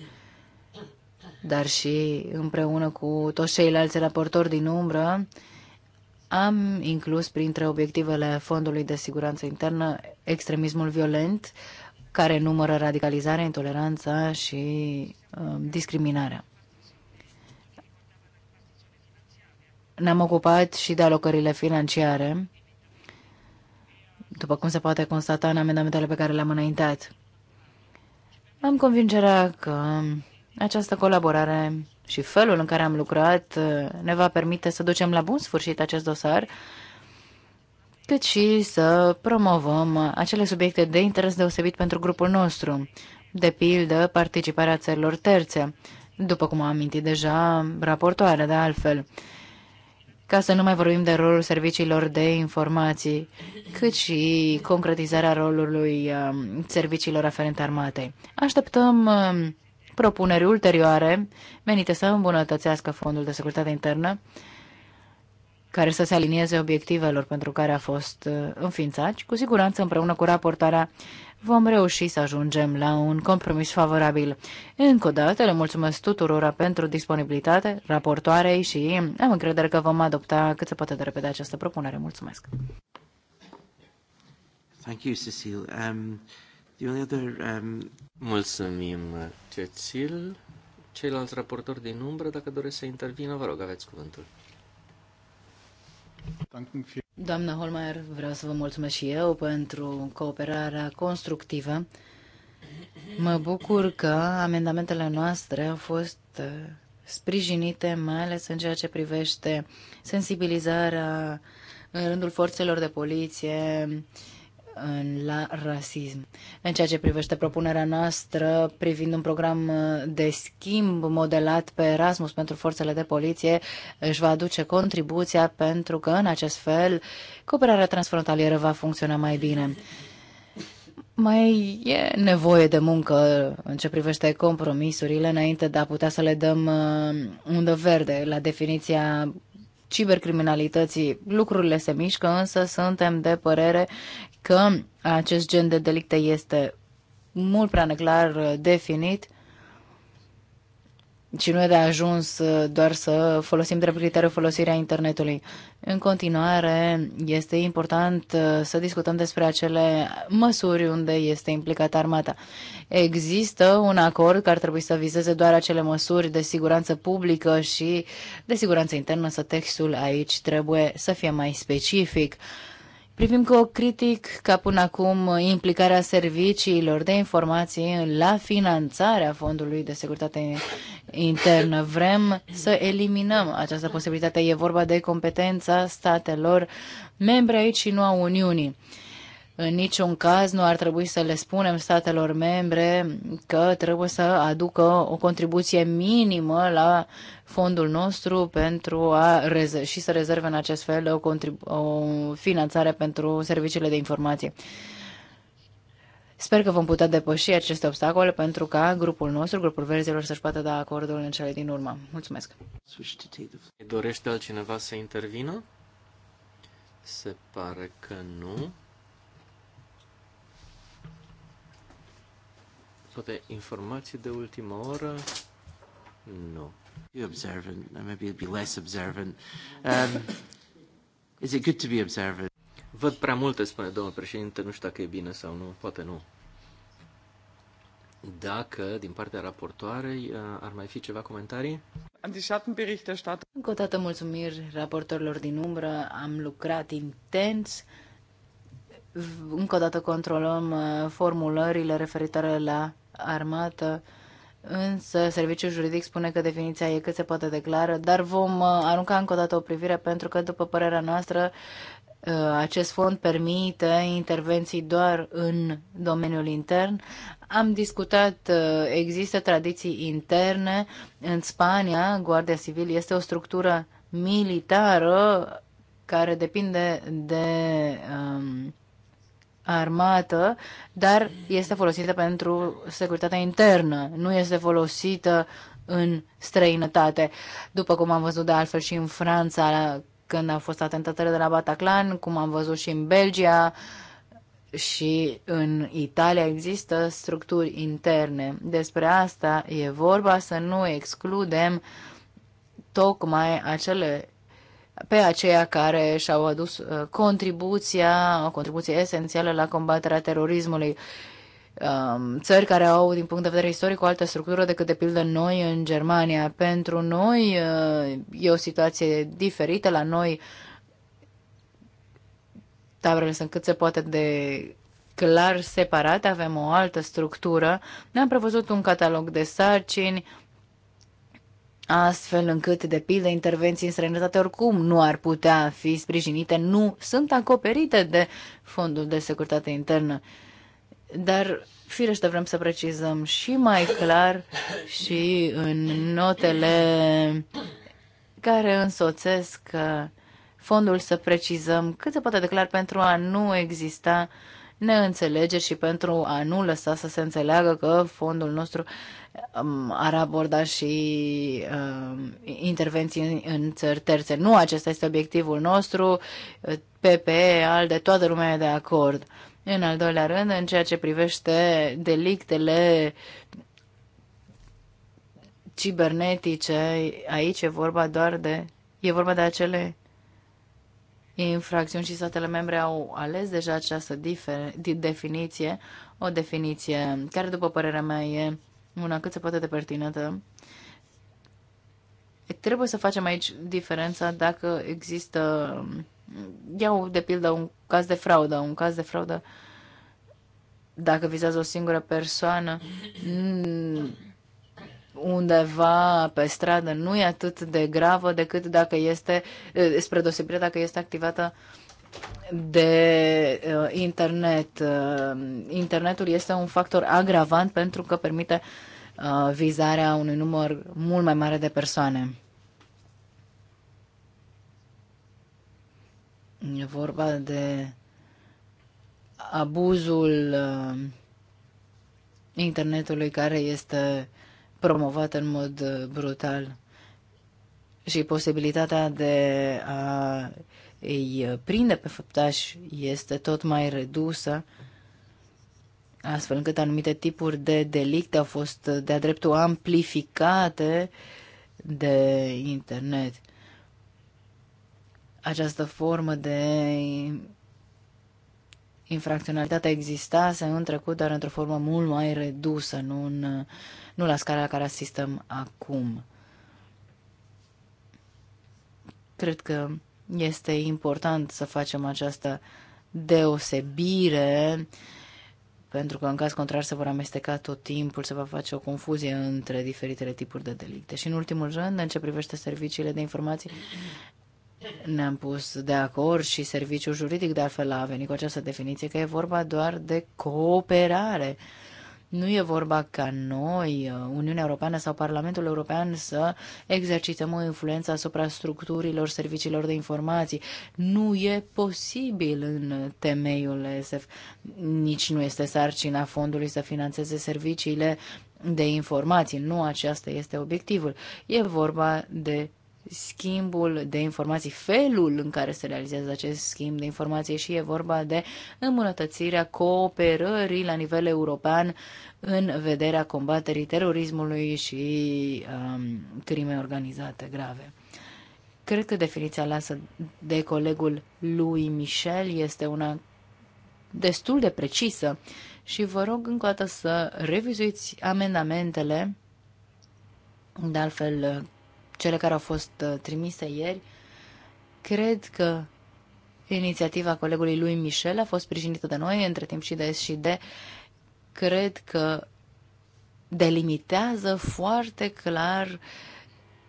dar și împreună cu toți ceilalți raportori din umbră, am inclus printre obiectivele Fondului de Siguranță Internă extremismul violent, care numără radicalizarea, intoleranța și uh, discriminarea. Ne-am ocupat și de alocările financiare, după cum se poate constata în amendamentele pe care le-am înaintat. Am convingerea că această colaborare și felul în care am lucrat uh, ne va permite să ducem la bun sfârșit acest dosar, cât și să promovăm acele subiecte de interes deosebit pentru grupul nostru, de pildă participarea țărilor terțe, după cum am amintit deja raportoarea de altfel, ca să nu mai vorbim de rolul serviciilor de informații, cât și concretizarea rolului um, serviciilor aferente armatei. Așteptăm um, propuneri ulterioare menite să îmbunătățească Fondul de Securitate Internă, care să se alinieze obiectivelor pentru care a fost uh, înființat. Cu siguranță, împreună cu raportarea, vom reuși să ajungem la un compromis favorabil. Încă o dată, le mulțumesc tuturora pentru disponibilitate, raportoarei și am încredere că vom adopta cât se poate de repede această propunere. Mulțumesc! Thank you, Cecile. Um, the only other um, Mulțumim, Cecil. Ceilalți raportori din umbră, dacă doresc să intervină, vă rog, aveți cuvântul. Doamna Holmeier, vreau să vă mulțumesc și eu pentru cooperarea constructivă. Mă bucur că amendamentele noastre au fost uh, sprijinite, mai ales în ceea ce privește sensibilizarea în rândul forțelor de poliție, la rasism. În ceea ce privește propunerea noastră privind un program de schimb modelat pe Erasmus pentru forțele de poliție, își va aduce contribuția pentru că, în acest fel, cooperarea transfrontalieră va funcționa mai bine. Mai e nevoie de muncă în ce privește compromisurile înainte de a putea să le dăm uh, undă verde la definiția cibercriminalității. Lucrurile se mișcă, însă suntem de părere că acest gen de delicte este mult prea neclar uh, definit și nu e de ajuns uh, doar să folosim drept criteriu folosirea internetului. În continuare, este important uh, să discutăm despre acele măsuri unde este implicată armata. Există un acord care ar trebui să vizeze doar acele măsuri de siguranță publică și de siguranță internă, să textul aici trebuie să fie mai specific. Privim cu o critic ca până acum implicarea serviciilor de informații la finanțarea Fondului de Securitate Internă. Vrem să eliminăm această posibilitate. E vorba de competența statelor membre aici și nu a Uniunii. În niciun caz nu ar trebui să le spunem statelor membre că trebuie să aducă o contribuție minimă la fondul nostru pentru a și să rezerve în acest fel o, o finanțare pentru serviciile de informație. Sper că vom putea depăși aceste obstacole pentru ca grupul nostru, grupul verzilor, să-și poată da acordul în cele din urmă. Mulțumesc! Dorește altcineva să intervină? Se pare că nu. Poate informații de ultimă oră? Nu. You observant, maybe you'd be less observant. Um, is it good to be observant? Văd prea multe, spune domnul președinte, nu știu dacă e bine sau nu, poate nu. Dacă, din partea raportoarei, uh, ar mai fi ceva comentarii? Încă o dată mulțumiri raportorilor din umbră, am lucrat intens. Încă o dată controlăm uh, formulările referitoare la armată, însă serviciul juridic spune că definiția e cât se poate declară, dar vom uh, arunca încă o dată o privire pentru că, după părerea noastră, uh, acest fond permite intervenții doar în domeniul intern. Am discutat, uh, există tradiții interne. În Spania, Guardia Civil este o structură militară care depinde de um, armată, dar este folosită pentru securitatea internă, nu este folosită în străinătate. După cum am văzut de altfel și în Franța, când au fost atentatele de la Bataclan, cum am văzut și în Belgia și în Italia există structuri interne. Despre asta e vorba, să nu excludem tocmai acele pe aceia care și-au adus uh, contribuția, o contribuție esențială la combaterea terorismului. Um, țări care au, din punct de vedere istoric, o altă structură decât, de pildă, noi în Germania. Pentru noi uh, e o situație diferită. La noi taberele sunt cât se poate de clar separate, avem o altă structură. Ne-am prevăzut un catalog de sarcini, astfel încât, de pildă, intervenții în străinătate oricum nu ar putea fi sprijinite, nu sunt acoperite de fondul de securitate internă. Dar, firește, vrem să precizăm și mai clar și în notele care însoțesc uh, fondul să precizăm cât se poate declar pentru a nu exista neînțelegeri și pentru a nu lăsa să se înțeleagă că fondul nostru Um, ar aborda și uh, intervenții în, în țări terțe. Nu acesta este obiectivul nostru, PPE, al de toată lumea e de acord. În al doilea rând, în ceea ce privește delictele cibernetice, aici e vorba doar de, e vorba de acele infracțiuni și statele membre au ales deja această definiție, o definiție care, după părerea mea, e una cât se poate de pertinentă. Trebuie să facem aici diferența dacă există, iau de pildă un caz de fraudă, un caz de fraudă dacă vizează o singură persoană undeva pe stradă, nu e atât de gravă decât dacă este, spre deosebire dacă este activată uh, de uh, internet. Uh, internetul este un factor agravant pentru că permite uh, vizarea unui număr mult mai mare de persoane. E vorba de abuzul uh, internetului care este promovat în mod uh, brutal și posibilitatea de a uh, îi uh, prinde pe făptași este tot mai redusă, astfel încât anumite tipuri de delicte au fost uh, de-a dreptul amplificate de internet. Această formă de infracționalitate existase în trecut, dar într-o formă mult mai redusă, nu, în, uh, nu la scara la care asistăm acum. Cred că este important să facem această deosebire pentru că în caz contrar se vor amesteca tot timpul, se va face o confuzie între diferitele tipuri de delicte. Și în ultimul rând, în ce privește serviciile de informații, ne-am pus de acord și serviciul juridic de altfel a venit cu această definiție că e vorba doar de cooperare nu e vorba ca noi, uh, Uniunea Europeană sau Parlamentul European, să exercităm o influență asupra structurilor serviciilor de informații. Nu e posibil în temeiul SF. Nici nu este sarcina fondului să financeze serviciile de informații. Nu aceasta este obiectivul. E vorba de schimbul de informații, felul în care se realizează acest schimb de informații și e vorba de îmbunătățirea cooperării la nivel european în vederea combaterii terorismului și um, crime organizate grave. Cred că definiția lasă de colegul lui Michel este una destul de precisă și vă rog încă o dată să revizuiți amendamentele de altfel, cele care au fost uh, trimise ieri, cred că inițiativa colegului lui Michel a fost sprijinită de noi, între timp și de S și de cred că delimitează foarte clar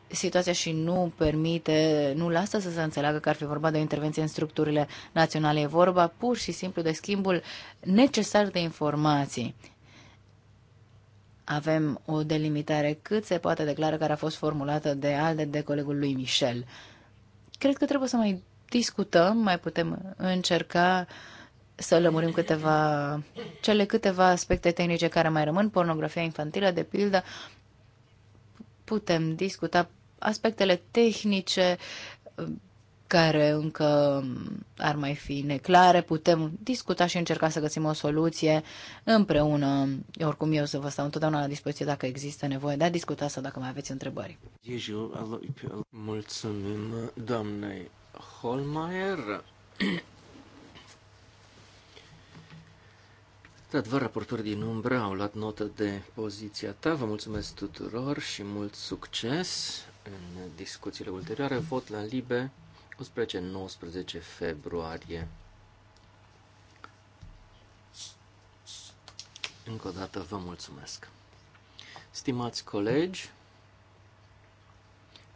situația și nu permite, nu lasă să se înțeleagă că ar fi vorba de o intervenție în structurile naționale. E vorba pur și simplu de schimbul necesar de informații avem o delimitare cât se poate declară care a fost formulată de alte de colegul lui Michel. Cred că trebuie să mai discutăm, mai putem încerca să lămurim câteva, cele câteva aspecte tehnice care mai rămân, pornografia infantilă, de pildă, putem discuta aspectele tehnice care încă ar mai fi neclare, putem discuta și încerca să găsim o soluție împreună. oricum eu să vă stau întotdeauna la dispoziție dacă există nevoie de a discuta sau dacă mai aveți întrebări. Mulțumim doamnei Holmeier. Tatva, raportori din umbră au luat notă de poziția ta. Vă mulțumesc tuturor și mult succes în discuțiile ulterioare. Vot la Libe 18-19 februarie. Încă o dată vă mulțumesc. Stimați colegi,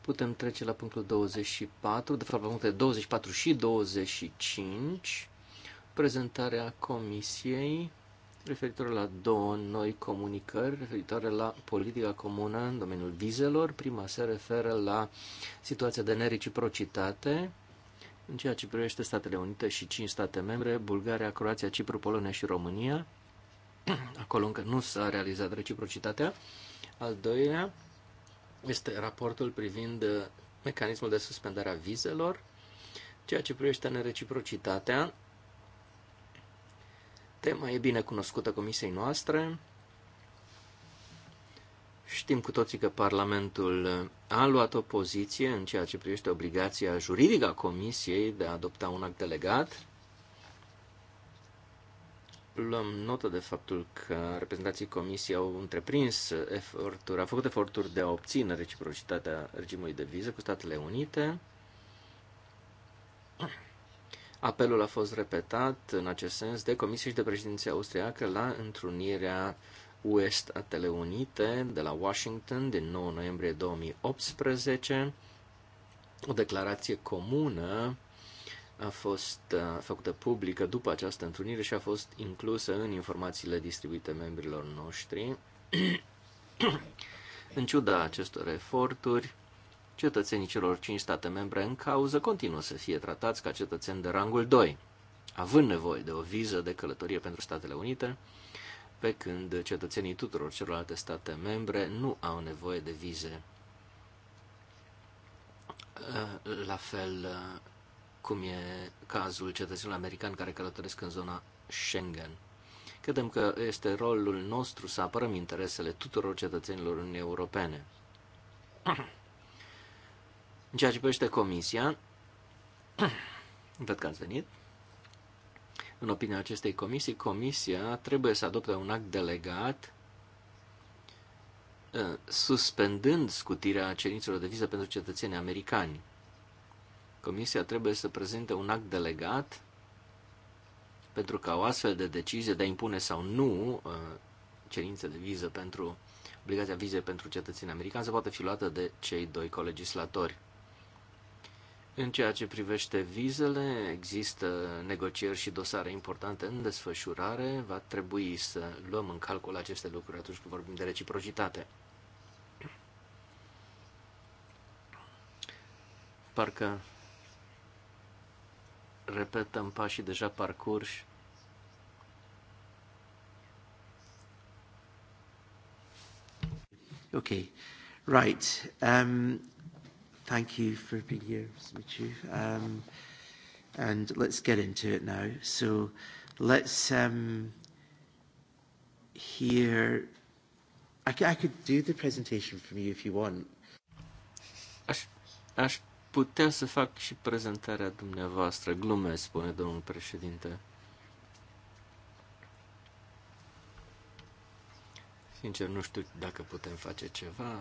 putem trece la punctul 24, de fapt la punctul 24 și 25, prezentarea comisiei referitor la două noi comunicări referitoare la politica comună în domeniul vizelor. Prima se referă la situația de nereciprocitate în ceea ce privește Statele Unite și cinci state membre, Bulgaria, Croația, Cipru, Polonia și România. Acolo încă nu s-a realizat reciprocitatea. Al doilea este raportul privind uh, mecanismul de suspendare a vizelor. Ceea ce privește nereciprocitatea, Tema e bine cunoscută comisiei noastre. Știm cu toții că Parlamentul a luat o poziție în ceea ce privește obligația juridică a Comisiei de a adopta un act delegat. Luăm notă de faptul că reprezentanții Comisiei au întreprins eforturi, au făcut eforturi de a obține reciprocitatea regimului de viză cu Statele Unite. Apelul a fost repetat în acest sens de Comisie și de președinția austriacă la întrunirea UE Statele Unite de la Washington din 9 noiembrie 2018. O declarație comună a fost făcută publică după această întrunire și a fost inclusă în informațiile distribuite membrilor noștri. în ciuda acestor eforturi, cetățenii celor cinci state membre în cauză continuă să fie tratați ca cetățeni de rangul 2, având nevoie de o viză de călătorie pentru Statele Unite, pe când cetățenii tuturor celorlalte state membre nu au nevoie de vize. Eh, la fel eh, cum e cazul cetățenilor americani care călătoresc în zona Schengen. Credem că este rolul nostru să apărăm interesele tuturor cetățenilor în Europene. În ceea ce privește comisia, văd că ați venit, în opinia acestei comisii, comisia trebuie să adopte un act delegat uh, suspendând scutirea cerințelor de viză pentru cetățenii americani. Comisia trebuie să prezinte un act delegat pentru ca o astfel de decizie de a impune sau nu uh, cerințe de viză pentru obligația vize pentru cetățenii americani să poată fi luată de cei doi colegislatori. În ceea ce privește vizele, există negocieri și dosare importante în desfășurare. Va trebui să luăm în calcul aceste lucruri atunci când vorbim de reciprocitate. Parcă repetăm pașii deja parcurși. Ok. Right. Um, Thank you for being here, Smichu. Um, and let's get into it now. So let's um, hear. I, I could do the presentation from you if you want. Aș, aș putea să fac și prezentarea dumneavoastră. Glumesc, spune domnul președinte. Sincer, nu știu dacă putem face ceva.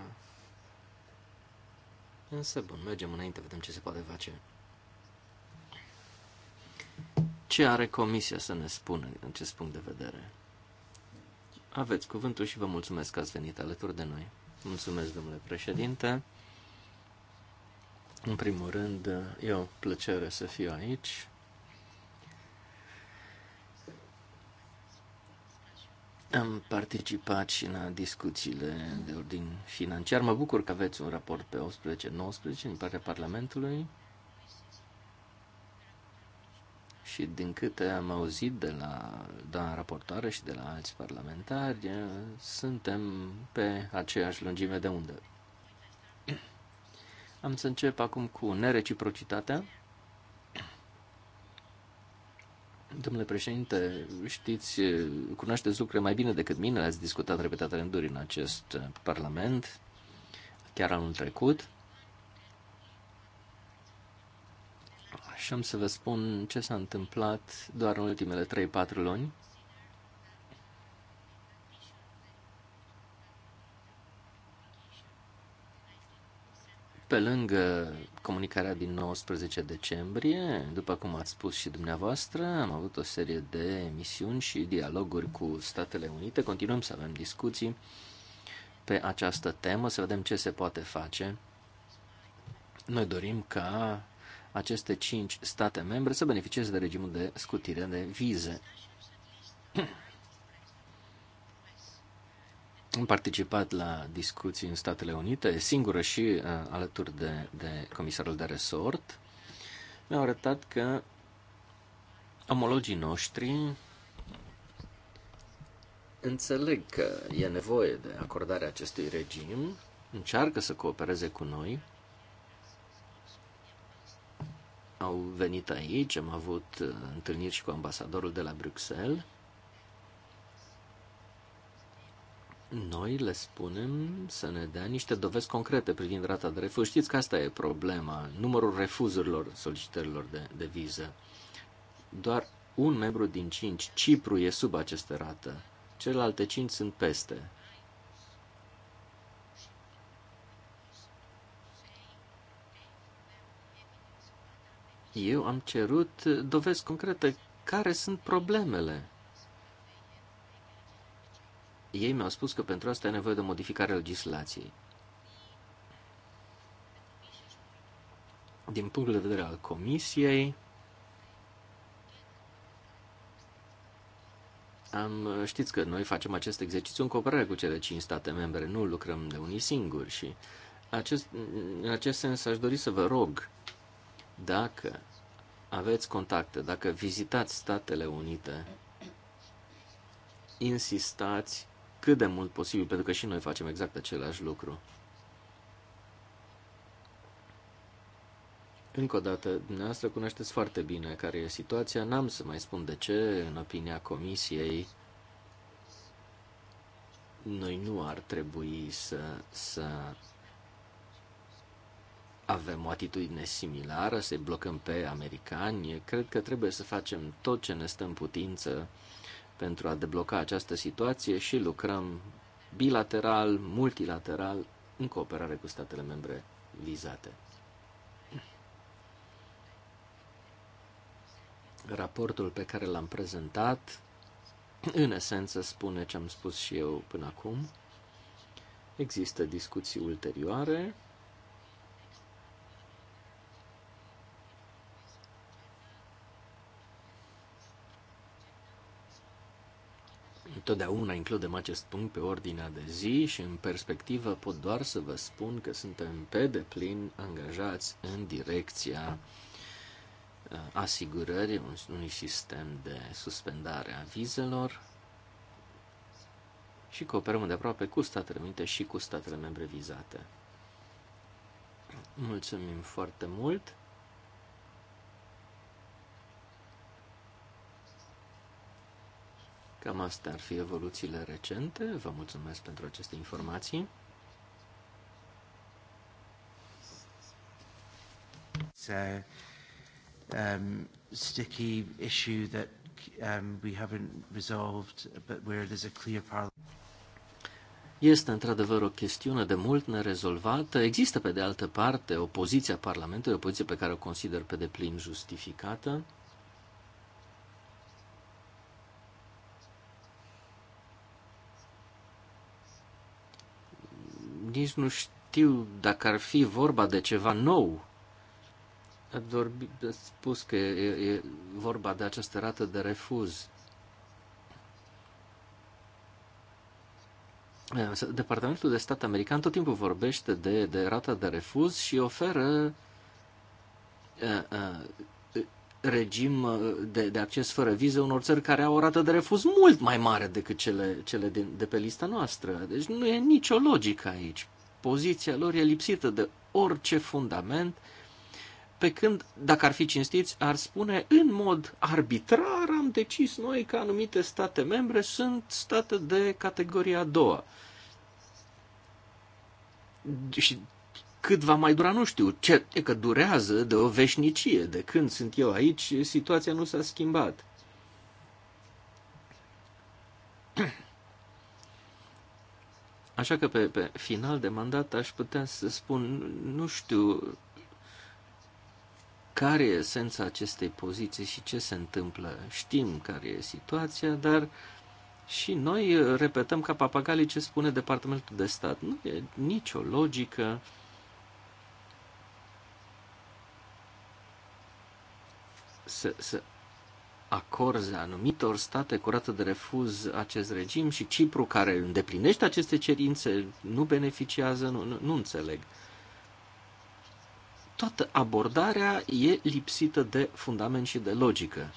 Însă, bun, mergem înainte, vedem ce se poate face. Ce are comisia să ne spună în acest punct de vedere? Aveți cuvântul și vă mulțumesc că ați venit alături de noi. Mulțumesc, domnule președinte. În primul rând, e o plăcere să fiu aici. Am participat și la discuțiile de ordin financiar. Mă bucur că aveți un raport pe 18-19 din partea Parlamentului. Și din câte am auzit de la doamna raportoare și de la alți parlamentari, suntem pe aceeași lungime de undă. Am să încep acum cu nereciprocitatea. Domnule președinte, știți, cunoașteți lucrurile mai bine decât mine, ați discutat repetate rânduri în acest uh, Parlament, chiar anul trecut. Și am să vă spun ce s-a întâmplat doar în ultimele 3-4 luni. Pe lângă comunicarea din 19 decembrie. După cum ați spus și dumneavoastră, am avut o serie de misiuni și dialoguri cu Statele Unite. Continuăm să avem discuții pe această temă, să vedem ce se poate face. Noi dorim ca aceste cinci state membre să beneficieze de regimul de scutire de vize. Am participat la discuții în Statele Unite, singură și uh, alături de, de comisarul de resort. Mi-au arătat că omologii noștri înțeleg că e nevoie de acordarea acestui regim, încearcă să coopereze cu noi. Au venit aici, am avut uh, întâlniri și cu ambasadorul de la Bruxelles Noi le spunem să ne dea niște dovezi concrete privind rata de refuz. Știți că asta e problema, numărul refuzurilor solicitărilor de, de viză. Doar un membru din cinci, Cipru, e sub această rată. Celelalte cinci sunt peste. Eu am cerut dovezi concrete care sunt problemele ei mi-au spus că pentru asta e nevoie de modificare a legislației. Din punctul de vedere al Comisiei, am, știți că noi facem acest exercițiu în cooperare cu cele cinci state membre, nu lucrăm de unii singuri și acest, în acest sens aș dori să vă rog dacă aveți contacte, dacă vizitați Statele Unite, insistați cât de mult posibil, pentru că și noi facem exact același lucru. Încă o dată, dumneavoastră cunoașteți foarte bine care e situația, n-am să mai spun de ce, în opinia comisiei, noi nu ar trebui să, să avem o atitudine similară, să-i blocăm pe americani. Cred că trebuie să facem tot ce ne stă în putință pentru a debloca această situație și lucrăm bilateral, multilateral, în cooperare cu statele membre vizate. Raportul pe care l-am prezentat, în esență, spune ce am spus și eu până acum. Există discuții ulterioare Întotdeauna includem acest punct pe ordinea de zi și în perspectivă pot doar să vă spun că suntem pe deplin angajați în direcția uh, asigurării unui sistem de suspendare a vizelor și cooperăm de aproape cu Statele Unite și cu statele membre vizate. Mulțumim foarte mult! Cam astea ar fi evoluțiile recente. Vă mulțumesc pentru aceste informații. So, um, sticky issue that um, we haven't resolved, but where there's a clear parliament. Este într-adevăr o chestiune de mult nerezolvată. Există, pe de altă parte, o a Parlamentului, o poziție pe care o consider pe deplin justificată. nici nu știu dacă ar fi vorba de ceva nou. A, vorbi, a spus că e, e vorba de această rată de refuz. Departamentul de stat american tot timpul vorbește de, de rata de refuz și oferă uh, uh, regim uh, de, de acces fără vize unor țări care au o rată de refuz mult mai mare decât cele, cele de, de pe lista noastră. Deci nu e nicio logică aici. Poziția lor e lipsită de orice fundament, pe când, dacă ar fi cinstiți, ar spune în mod arbitrar am decis noi că anumite state membre sunt state de categoria a doua. Și cât va mai dura, nu știu. Ce, e că durează de o veșnicie. De când sunt eu aici, situația nu s-a schimbat. Așa că pe, pe final de mandat aș putea să spun, nu știu care e esența acestei poziții și ce se întâmplă. Știm care e situația, dar și noi repetăm ca papagalii ce spune Departamentul de Stat. Nu e nicio logică să, să acorde anumitor state curată de refuz acest regim și Cipru, care îndeplinește aceste cerințe, nu beneficiază, nu, nu, nu înțeleg. Toată abordarea e lipsită de fundament și de logică.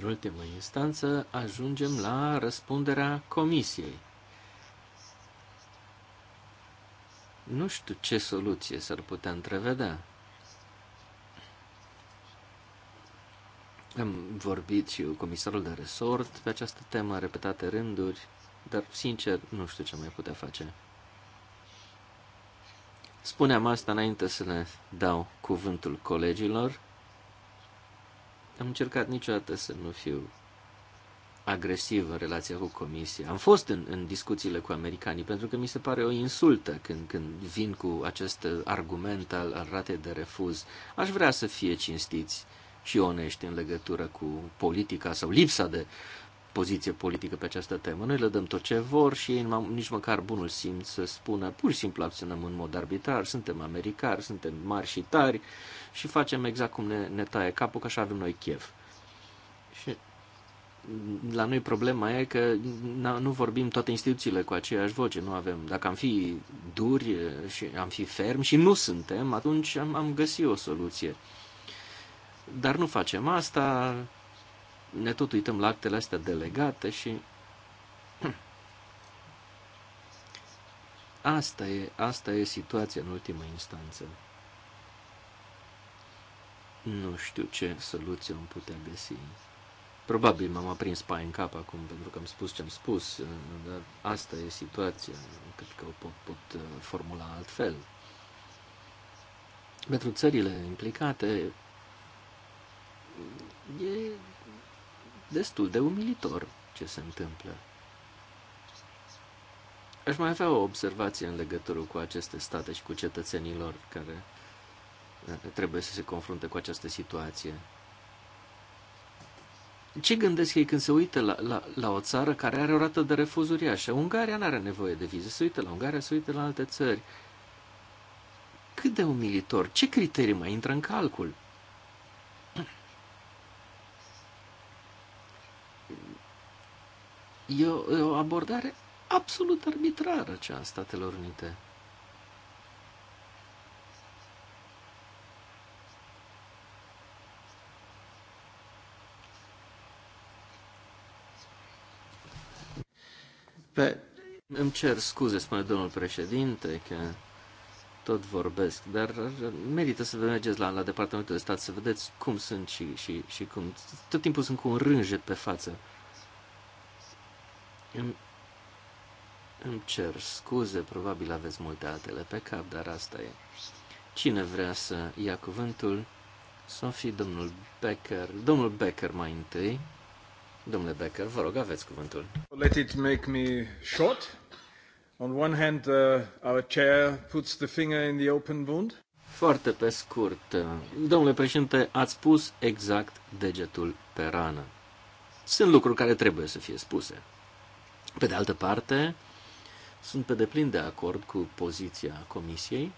În ultimă instanță ajungem la răspunderea comisiei. Nu știu ce soluție s-ar putea întrevedea. Am vorbit și cu comisarul de resort pe această temă, repetate rânduri, dar sincer nu știu ce mai putea face. Spuneam asta înainte să le dau cuvântul colegilor. Am încercat niciodată să nu fiu agresivă în relația cu Comisia. Am fost în, în discuțiile cu americanii pentru că mi se pare o insultă când, când vin cu acest argument al, al ratei de refuz. Aș vrea să fie cinstiți și onești în legătură cu politica sau lipsa de poziție politică pe această temă. Noi le dăm tot ce vor și ei nici măcar bunul simț să spună pur și simplu acționăm în mod arbitrar, suntem americani, suntem mari și tari și facem exact cum ne, ne taie capul, că așa avem noi chef. Și la noi problema e că nu vorbim toate instituțiile cu aceeași voce, nu avem. Dacă am fi duri și am fi fermi și nu suntem, atunci am, am găsit o soluție. Dar nu facem asta, ne tot uităm la actele astea delegate și asta e, asta e situația în ultimă instanță. Nu știu ce soluție am putea găsi. Probabil m-am aprins pai în cap acum pentru că am spus ce am spus, dar asta e situația, cred că o pot, pot uh, formula altfel. Pentru țările implicate e destul de umilitor ce se întâmplă. Aș mai avea o observație în legătură cu aceste state și cu cetățenilor care uh, trebuie să se confrunte cu această situație ce gândesc ei când se uită la, la, la o țară care are o rată de refuzuri Așa, Ungaria nu are nevoie de vize, se uită la Ungaria, se uită la alte țări. Cât de umilitor, ce criterii mai intră în calcul? E o, e o abordare absolut arbitrară cea a Statelor Unite. Pe... Îmi cer scuze, spune domnul președinte, că tot vorbesc, dar merită să vă mergeți la, la Departamentul de Stat să vedeți cum sunt și, și, și cum... Tot timpul sunt cu un rânjet pe față. Îmi, îmi cer scuze, probabil aveți multe altele pe cap, dar asta e. Cine vrea să ia cuvântul? Să fi domnul Becker. Domnul Becker mai întâi. Domnule Becker, vă rog, aveți cuvântul. Let it make me short. On one hand, uh, our chair puts the finger in the open wound. Foarte pe scurt, uh, domnule președinte, ați pus exact degetul pe rană. Sunt lucruri care trebuie să fie spuse. Pe de altă parte, sunt pe deplin de acord cu poziția comisiei.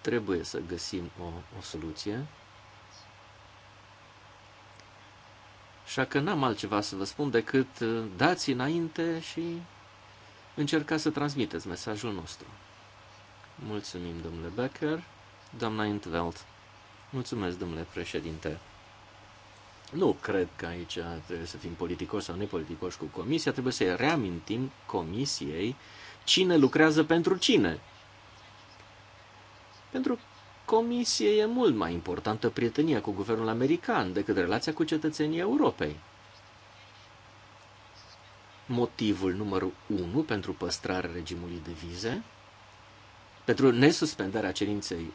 Trebuie să găsim o, o soluție. Așa că n-am altceva să vă spun decât uh, dați înainte și încercați să transmiteți mesajul nostru. Mulțumim, domnule Becker. Doamna Intveld. Mulțumesc, domnule președinte. Nu cred că aici trebuie să fim politicoși sau nepoliticoși cu comisia, trebuie să-i reamintim comisiei cine lucrează pentru cine. Pentru Comisie e mult mai importantă prietenia cu guvernul american decât relația cu cetățenii Europei. Motivul numărul 1 pentru păstrarea regimului de vize, pentru nesuspendarea cerinței,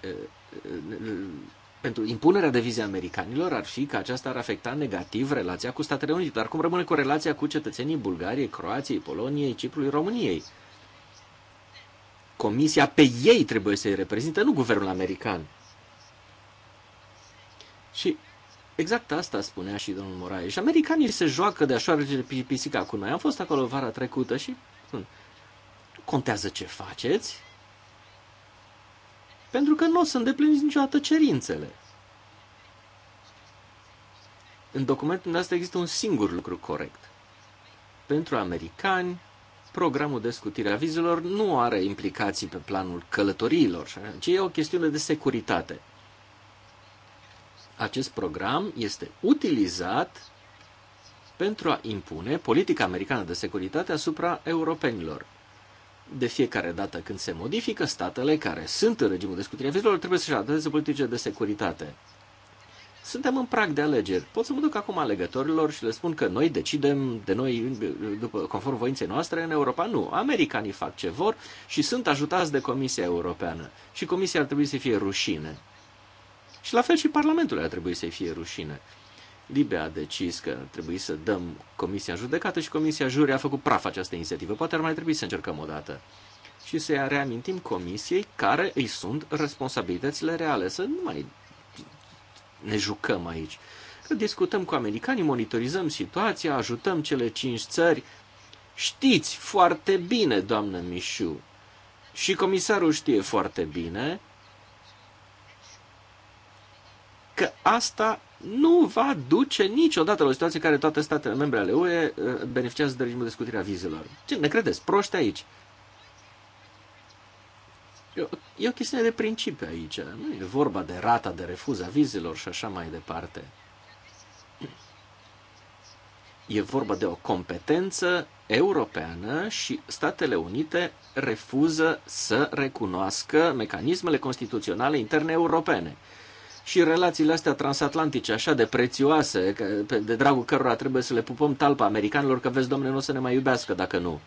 pentru impunerea de vize americanilor ar fi că aceasta ar afecta negativ relația cu Statele Unite. Dar cum rămâne cu relația cu cetățenii Bulgariei, Croației, Poloniei, Ciprului, României? Comisia pe ei trebuie să-i reprezinte, nu guvernul american. Și exact asta spunea și domnul Moraes. Și americanii se joacă de așa de pisica cu noi. Am fost acolo vara trecută și nu contează ce faceți, pentru că nu o să îndepliniți niciodată cerințele. În documentul ăsta există un singur lucru corect. Pentru americani, programul de scutire a vizelor nu are implicații pe planul călătoriilor, ci e o chestiune de securitate. Acest program este utilizat pentru a impune politica americană de securitate asupra europenilor. De fiecare dată când se modifică, statele care sunt în regimul de scutire a vizelor trebuie să-și adapteze politice de securitate. Suntem în prag de alegeri. Pot să mă duc acum alegătorilor și le spun că noi decidem de noi, după, conform voinței noastre, în Europa. Nu, americanii fac ce vor și sunt ajutați de Comisia Europeană. Și Comisia ar trebui să fie rușine. Și la fel și Parlamentul ar trebui să fie rușine. Libia a decis că trebuie să dăm comisia în judecată și comisia jure a făcut praf această inițiativă. Poate ar mai trebui să încercăm o dată și să-i reamintim comisiei care îi sunt responsabilitățile reale, să nu mai ne jucăm aici. Că discutăm cu americanii, monitorizăm situația, ajutăm cele cinci țări. Știți foarte bine, doamnă Mișu, și comisarul știe foarte bine că asta nu va duce niciodată la o situație în care toate statele membre ale UE eh, beneficiază de regimul de scutire a vizelor. Ce, ne credeți? Proști aici. E o, e o chestie de principiu aici. Nu e vorba de rata de refuz a vizelor și așa mai departe. E vorba de o competență europeană și Statele Unite refuză să recunoască mecanismele constituționale interne europene. Și relațiile astea transatlantice, așa de prețioase, de dragul cărora trebuie să le pupăm talpa americanilor, că vezi, domnule, nu o să ne mai iubească dacă nu.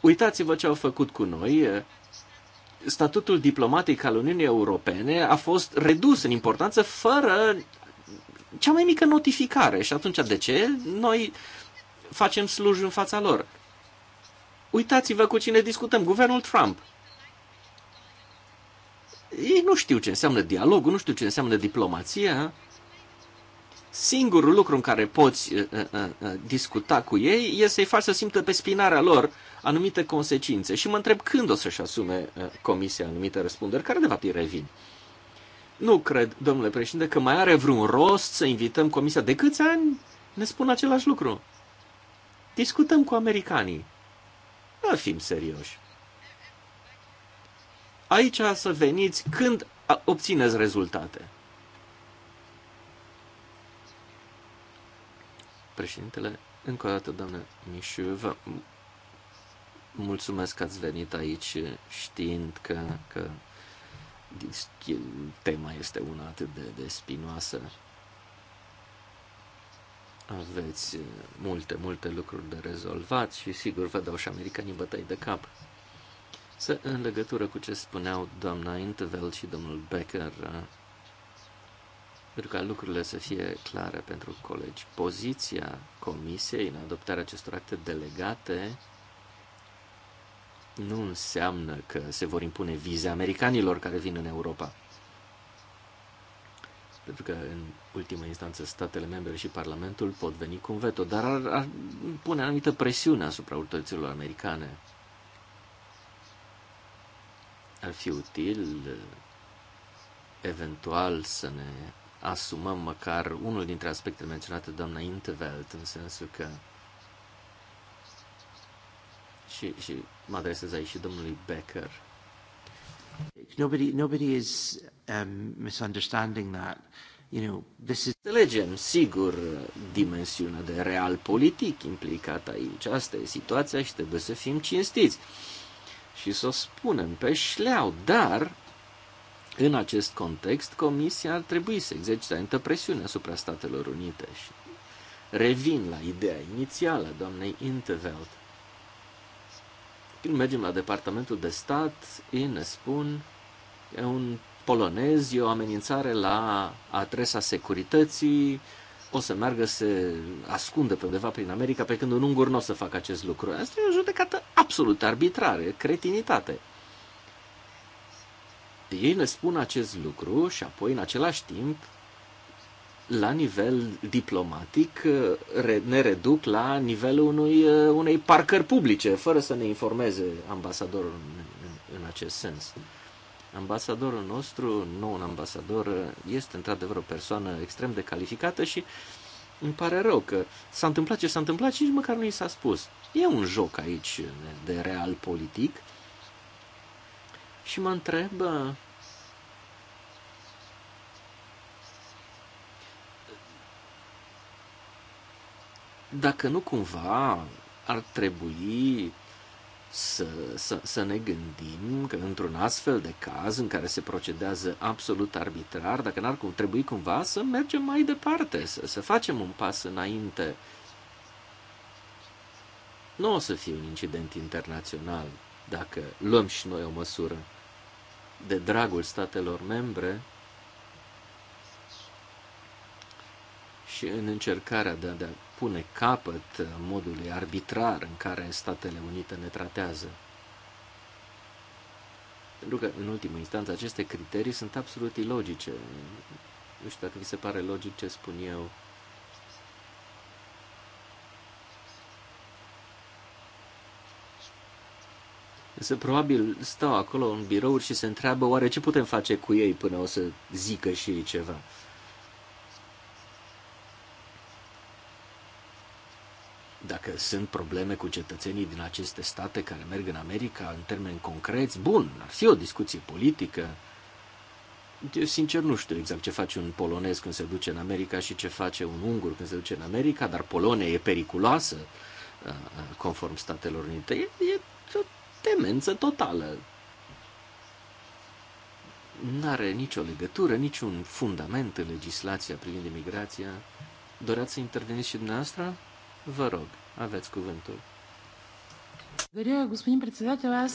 Uitați-vă ce au făcut cu noi, statutul diplomatic al Uniunii Europene a fost redus în importanță fără cea mai mică notificare. Și atunci de ce noi facem sluj în fața lor? Uitați-vă cu cine discutăm, guvernul Trump. Ei nu știu ce înseamnă dialogul, nu știu ce înseamnă diplomația singurul lucru în care poți uh, uh, uh, uh, discuta cu ei este să-i faci să simtă pe spinarea lor anumite consecințe. Și mă întreb când o să-și asume uh, comisia anumite răspunderi, care de fapt îi revin. Nu cred, domnule președinte, că mai are vreun rost să invităm comisia. De câți ani ne spun același lucru? Discutăm cu americanii. Nu fim serioși. Aici să veniți când obțineți rezultate. Președintele, încă o dată, doamne Mișu, vă mulțumesc că ați venit aici știind că, că tema este una atât de, de spinoasă. Aveți multe, multe lucruri de rezolvat și sigur vă dau și americanii bătăi de cap. Să, în legătură cu ce spuneau doamna Intevel și domnul Becker, pentru ca lucrurile să fie clare pentru colegi. Poziția Comisiei în adoptarea acestor acte delegate nu înseamnă că se vor impune vize americanilor care vin în Europa. Pentru că, în ultimă instanță, statele membre și Parlamentul pot veni cu un veto, dar ar, ar pune anumită presiune asupra autorităților americane. Ar fi util, eventual, să ne asumăm măcar unul dintre aspectele menționate doamna Interveld, în sensul că și, și mă adresez aici și domnului Becker. Nobody, nobody is um, misunderstanding that. You know, this is... Înțelegem, sigur, dimensiunea de real politic implicată aici. Asta e situația și trebuie să fim cinstiți. Și să o spunem pe șleau, dar în acest context, Comisia ar trebui să exercite presiune asupra Statelor Unite și revin la ideea inițială a doamnei Interveld. Când mergem la Departamentul de Stat, ei ne spun că un polonez e o amenințare la adresa securității, o să meargă să ascundă pe undeva prin America, pe când un ungur nu o să facă acest lucru. Asta e o judecată absolut arbitrară, cretinitate ei le spun acest lucru și apoi, în același timp, la nivel diplomatic, ne reduc la nivelul unui, unei parcări publice, fără să ne informeze ambasadorul în, în, în acest sens. Ambasadorul nostru, nou un ambasador, este într-adevăr o persoană extrem de calificată și îmi pare rău că s-a întâmplat ce s-a întâmplat și nici măcar nu i s-a spus. E un joc aici de real politic și mă întrebă uh, dacă nu cumva ar trebui să, să, să ne gândim că într-un astfel de caz în care se procedează absolut arbitrar, dacă n-ar trebui cumva să mergem mai departe, să, să facem un pas înainte. Nu o să fie un incident internațional dacă luăm și noi o măsură de dragul statelor membre și în încercarea de a, de a pune capăt modului arbitrar în care Statele Unite ne tratează. Pentru că, în ultimă instanță, aceste criterii sunt absolut ilogice. Nu știu dacă vi se pare logic ce spun eu. Însă probabil stau acolo în birouri și se întreabă oare ce putem face cu ei până o să zică și ei ceva. Dacă sunt probleme cu cetățenii din aceste state care merg în America în termeni concreți, bun, ar fi o discuție politică. Eu sincer nu știu exact ce face un polonez când se duce în America și ce face un ungur când se duce în America, dar Polonia e periculoasă uh, uh, conform Statelor Unite. E, e demență totală. Nu are nicio legătură, niciun fundament în legislația privind imigrația. Doreați să interveniți și dumneavoastră? Vă rog, aveți cuvântul. Благодаря, господин председател. Аз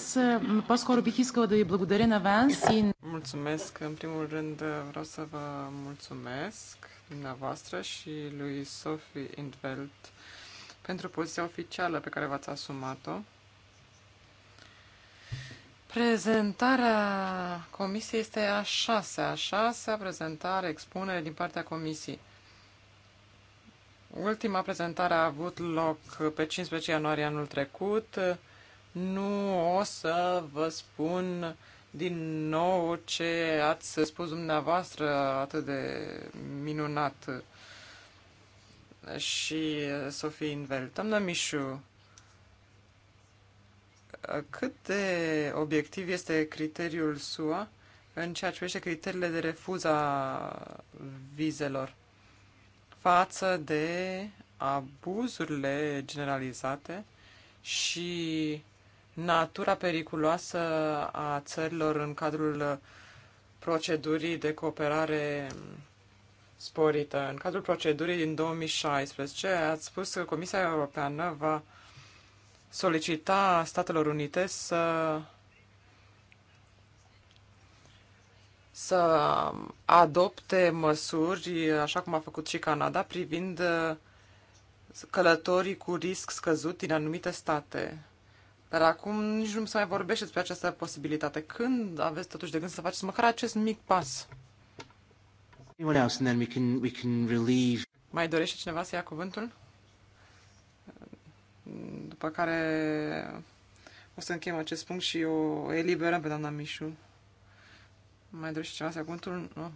по-скоро бих искала да ви благодаря на аванс и... Mulțumesc. În primul rând vreau să vă mulțumesc dumneavoastră și lui Sophie Indveld pentru poziția oficială pe care v-ați asumat-o Prezentarea comisiei este a șasea, a șasea prezentare, expunere din partea comisiei. Ultima prezentare a avut loc pe 15 ianuarie anul trecut. Nu o să vă spun din nou ce ați spus dumneavoastră atât de minunat și Sofie Invel. Doamna Mișu, cât de obiectiv este criteriul SUA în ceea ce privește criteriile de refuz a vizelor față de abuzurile generalizate și natura periculoasă a țărilor în cadrul procedurii de cooperare sporită. În cadrul procedurii din 2016 ați spus că Comisia Europeană va solicita Statelor Unite să să adopte măsuri, așa cum a făcut și Canada, privind uh, călătorii cu risc scăzut din anumite state. Dar acum nici nu se mai vorbește despre această posibilitate. Când aveți totuși de gând să faceți măcar acest mic pas? Mai dorește cineva să ia cuvântul? După care o să încheiem acest punct și o eliberăm pe doamna Mișu. Mai dorește ceva secundul? Nu.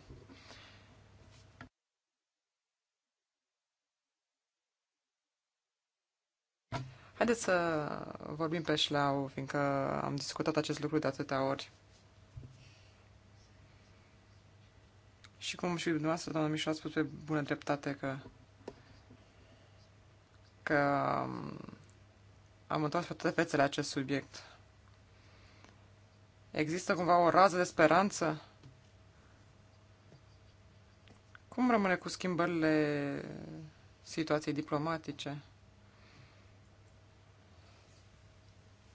Haideți să vorbim pe șleau, fiindcă am discutat acest lucru de atâtea ori. Și cum și dumneavoastră, doamna Mișu, a spus pe bună dreptate că că am întors pe toate fețele acest subiect. Există cumva o rază de speranță? Cum rămâne cu schimbările situației diplomatice?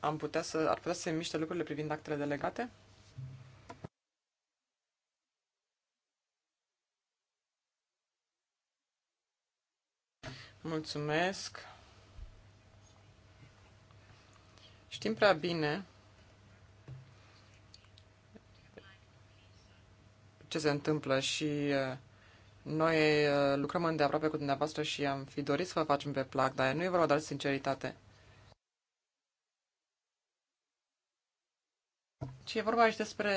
Am putea să, ar putea să se miște lucrurile privind actele delegate? Mulțumesc. Știm prea bine ce se întâmplă și uh, noi uh, lucrăm îndeaproape cu dumneavoastră și am fi dorit să vă facem pe plac, dar nu e vorba doar de sinceritate. Ci e vorba și despre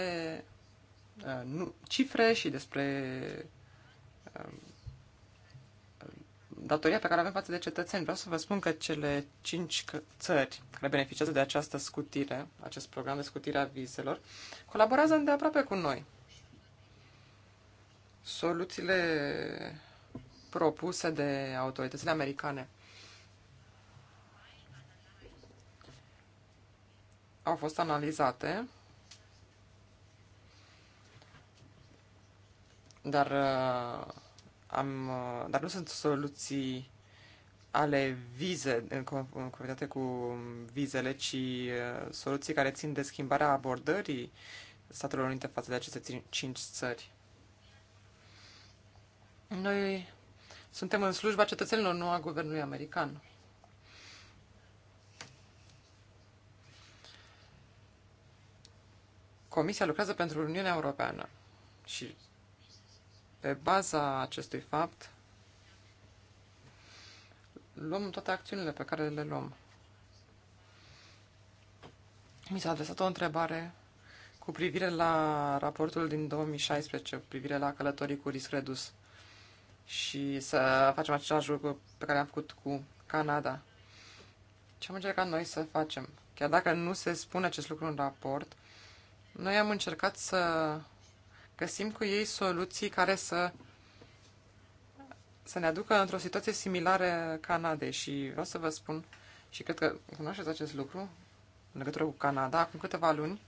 uh, nu, cifre și despre uh, datoria pe care avem față de cetățeni. Vreau să vă spun că cele cinci țări care beneficiază de această scutire, acest program de scutire a vizelor, colaborează îndeaproape cu noi. Soluțiile propuse de autoritățile americane au fost analizate dar uh, am, uh, dar nu sunt soluții ale vize, în conformitate cu vizele, ci uh, soluții care țin de schimbarea abordării Statelor Unite față de aceste cinci țări. Noi suntem în slujba cetățenilor, nu a guvernului american. Comisia lucrează pentru Uniunea Europeană și pe baza acestui fapt, luăm toate acțiunile pe care le luăm. Mi s-a adresat o întrebare cu privire la raportul din 2016, cu privire la călătorii cu risc redus și să facem același lucru pe care am făcut cu Canada. Ce am încercat noi să facem? Chiar dacă nu se spune acest lucru în raport, noi am încercat să găsim cu ei soluții care să, să ne aducă într-o situație similară Canadei. Și vreau să vă spun, și cred că cunoașteți acest lucru, în legătură cu Canada, acum câteva luni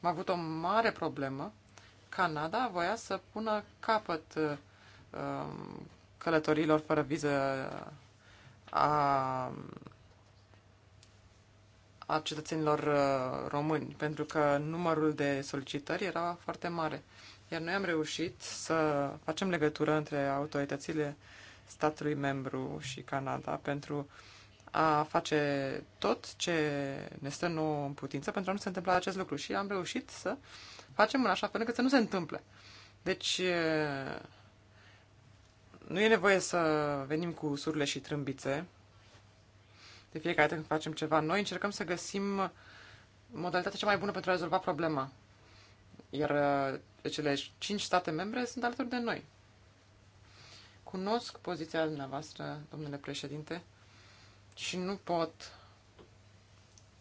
am avut o mare problemă. Canada voia să pună capăt uh, um, călătorilor fără viză a, a cetățenilor uh, români, pentru că numărul de solicitări era foarte mare. Iar noi am reușit să facem legătură între autoritățile statului membru și Canada pentru a face tot ce ne stă nouă în putință pentru a nu se întâmpla acest lucru. Și am reușit să facem în așa fel încât să nu se întâmple. Deci, nu e nevoie să venim cu surle și trâmbițe. De fiecare dată când facem ceva noi, încercăm să găsim modalitatea cea mai bună pentru a rezolva problema. Iar uh, cele cinci state membre sunt alături de noi. Cunosc poziția dumneavoastră, domnule președinte, și nu pot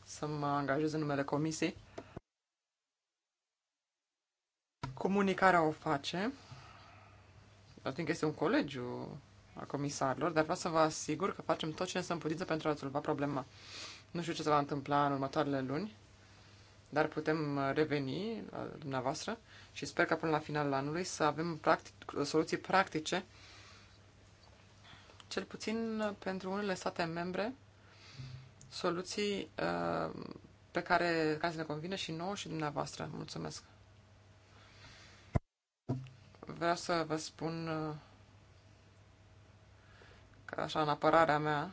să mă angajez în numele comisiei. Comunicarea o face, fiindcă este un colegiu a comisarilor, dar vreau să vă asigur că facem tot ce ne stă în putință pentru a rezolva problema. Nu știu ce se va întâmpla în următoarele luni, dar putem uh, reveni la dumneavoastră și sper că până la finalul anului să avem practic, soluții practice, cel puțin uh, pentru unele state membre, soluții uh, pe care, care să ne convine și nouă și dumneavoastră. Mulțumesc! Vreau să vă spun uh, că așa în apărarea mea,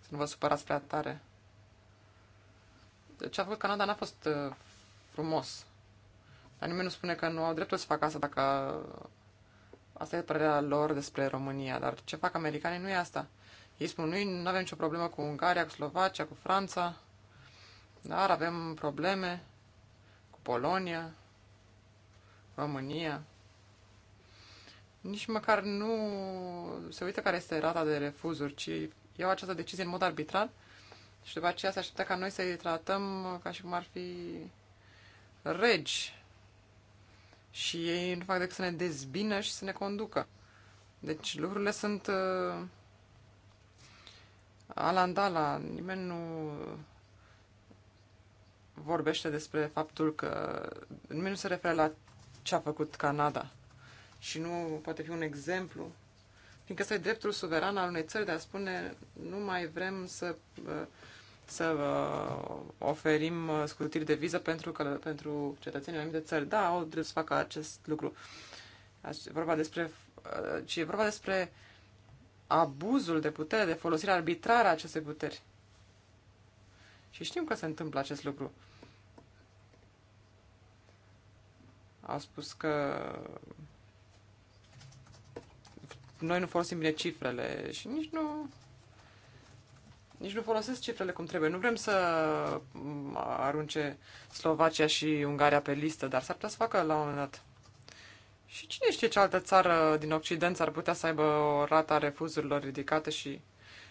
să nu vă supărați prea tare ce a făcut Canada n-a fost uh, frumos. Dar nimeni nu spune că nu au dreptul să facă asta dacă asta e părerea lor despre România. Dar ce fac americanii nu e asta. Ei spun, noi nu avem nicio problemă cu Ungaria, cu Slovacia, cu Franța, dar avem probleme cu Polonia, România. Nici măcar nu se uită care este rata de refuzuri, ci iau această decizie în mod arbitrar și după aceea se aștepta ca noi să-i tratăm ca și cum ar fi regi. Și ei nu fac decât să ne dezbină și să ne conducă. Deci lucrurile sunt uh, alandala. Nimeni nu vorbește despre faptul că nimeni nu se referă la ce a făcut Canada. Și nu poate fi un exemplu fiindcă este dreptul suveran al unei țări de a spune nu mai vrem să, uh, să uh, oferim uh, scutiri de viză pentru, că, pentru cetățenii anumite țări. Da, au drept să facă acest lucru. E vorba despre, ci e vorba despre abuzul de putere, de folosire arbitrară a acestei puteri. Și știm că se întâmplă acest lucru. Au spus că noi nu folosim bine cifrele și nici nu nici nu folosesc cifrele cum trebuie. Nu vrem să mm, arunce Slovacia și Ungaria pe listă, dar s-ar putea să facă la un moment dat. Și cine știe ce altă țară din Occident ar putea să aibă o rata refuzurilor ridicată și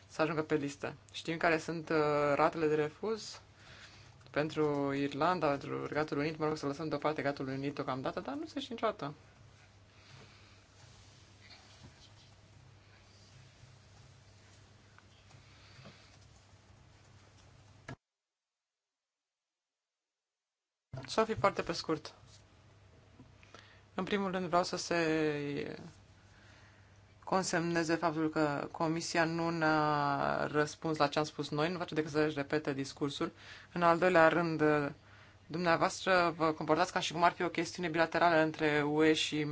să ajungă pe listă. Știm care sunt uh, ratele de refuz pentru Irlanda, pentru Regatul Unit, mă rog să lăsăm deoparte Regatul Unit deocamdată, dar nu se știe niciodată. Sofie, foarte pe scurt. În primul rând vreau să se consemneze faptul că Comisia nu ne-a răspuns la ce am spus noi, nu face decât să își repete discursul. În al doilea rând, dumneavoastră vă comportați ca și cum ar fi o chestiune bilaterală între UE și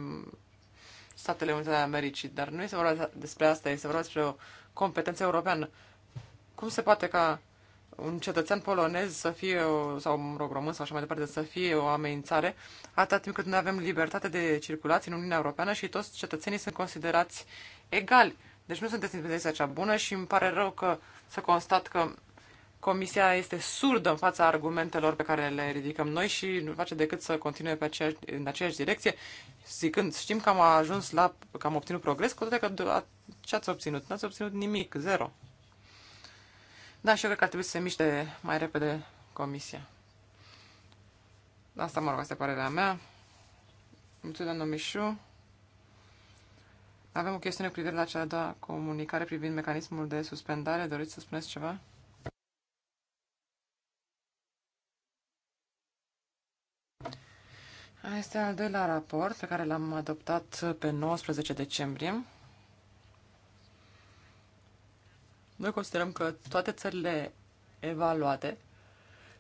Statele Unite ale Americii, dar nu este vorba despre asta, este vorba despre o competență europeană. Cum se poate ca un cetățean polonez să fie, sau mă rog, român sau așa mai departe, să fie o amenințare, atât timp cât noi avem libertate de circulație în Uniunea Europeană și toți cetățenii sunt considerați egali. Deci nu sunteți în poziția cea bună și îmi pare rău că să constat că Comisia este surdă în fața argumentelor pe care le ridicăm noi și nu face decât să continue pe aceeași, în aceeași direcție, zicând, știm că am ajuns la, că am obținut progres, cu toate că d-a, ce ați obținut? N-ați obținut nimic, zero. Da, și eu cred că ar trebui să se miște mai repede comisia. Asta, mă rog, asta e părerea mea. Mulțumesc, doamnă Mișu. Avem o chestiune cu privire la cea de comunicare privind mecanismul de suspendare. Doriți să spuneți ceva? Este al doilea raport pe care l-am adoptat pe 19 decembrie. Noi considerăm că toate țările evaluate,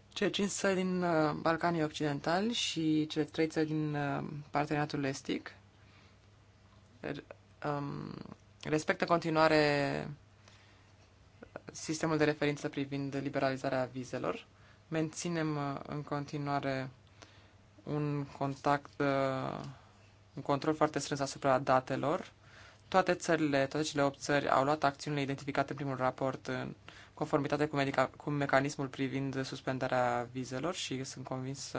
cele 5 țări din uh, Balcanii Occidentali și cele 3 țări din uh, Parteneriatul Estic, er, um, respectă continuare sistemul de referință privind liberalizarea vizelor. Menținem uh, în continuare un contact, un control foarte strâns asupra datelor toate țările, toate cele 8 țări au luat acțiunile identificate în primul raport în conformitate cu, medica, cu mecanismul privind suspendarea vizelor și sunt convins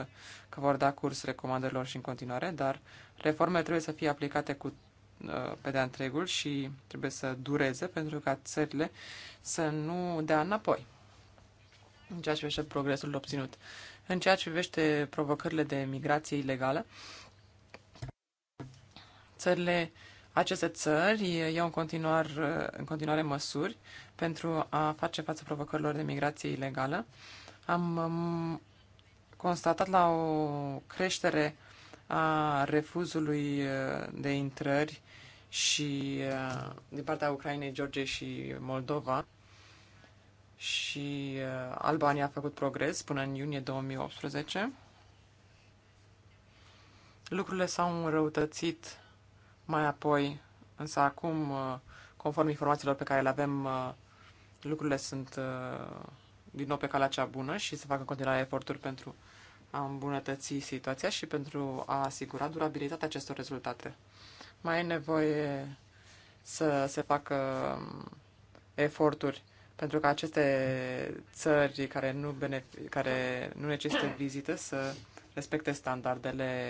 că vor da curs recomandărilor și în continuare, dar reformele trebuie să fie aplicate cu uh, pe de întregul și trebuie să dureze pentru ca țările să nu dea înapoi în ceea ce privește progresul obținut. În ceea ce privește provocările de migrație ilegală, țările aceste țări iau în continuare, în continuare măsuri pentru a face față provocărilor de migrație ilegală. Am mm, constatat la o creștere a refuzului uh, de intrări și uh, din partea Ucrainei, Georgiei și Moldova. Și uh, Albania a făcut progres până în iunie 2018. Lucrurile s-au înrăutățit mai apoi, însă acum, uh, conform informațiilor pe care le avem, uh, lucrurile sunt uh, din nou pe calea cea bună și se fac în continuare eforturi pentru a îmbunătăți situația și pentru a asigura durabilitatea acestor rezultate. Mai e nevoie să se facă um, eforturi pentru ca aceste țări care nu, care nu necesită vizită să respecte standardele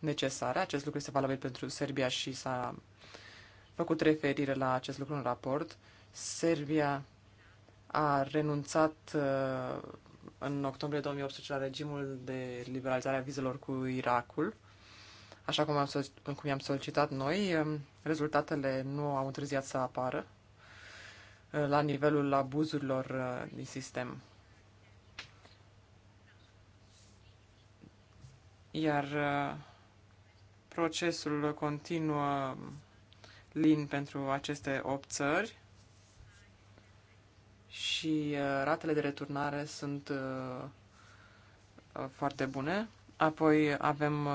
necesare. Acest lucru este valabil pentru Serbia și s-a făcut referire la acest lucru în raport. Serbia a renunțat uh, în octombrie 2018 la regimul de liberalizare a vizelor cu Irakul. Așa cum am, cum i-am solicitat noi, um, rezultatele nu au întârziat să apară uh, la nivelul abuzurilor uh, din sistem. Iar Procesul continuă lin pentru aceste 8 țări și uh, ratele de returnare sunt uh, uh, foarte bune. Apoi avem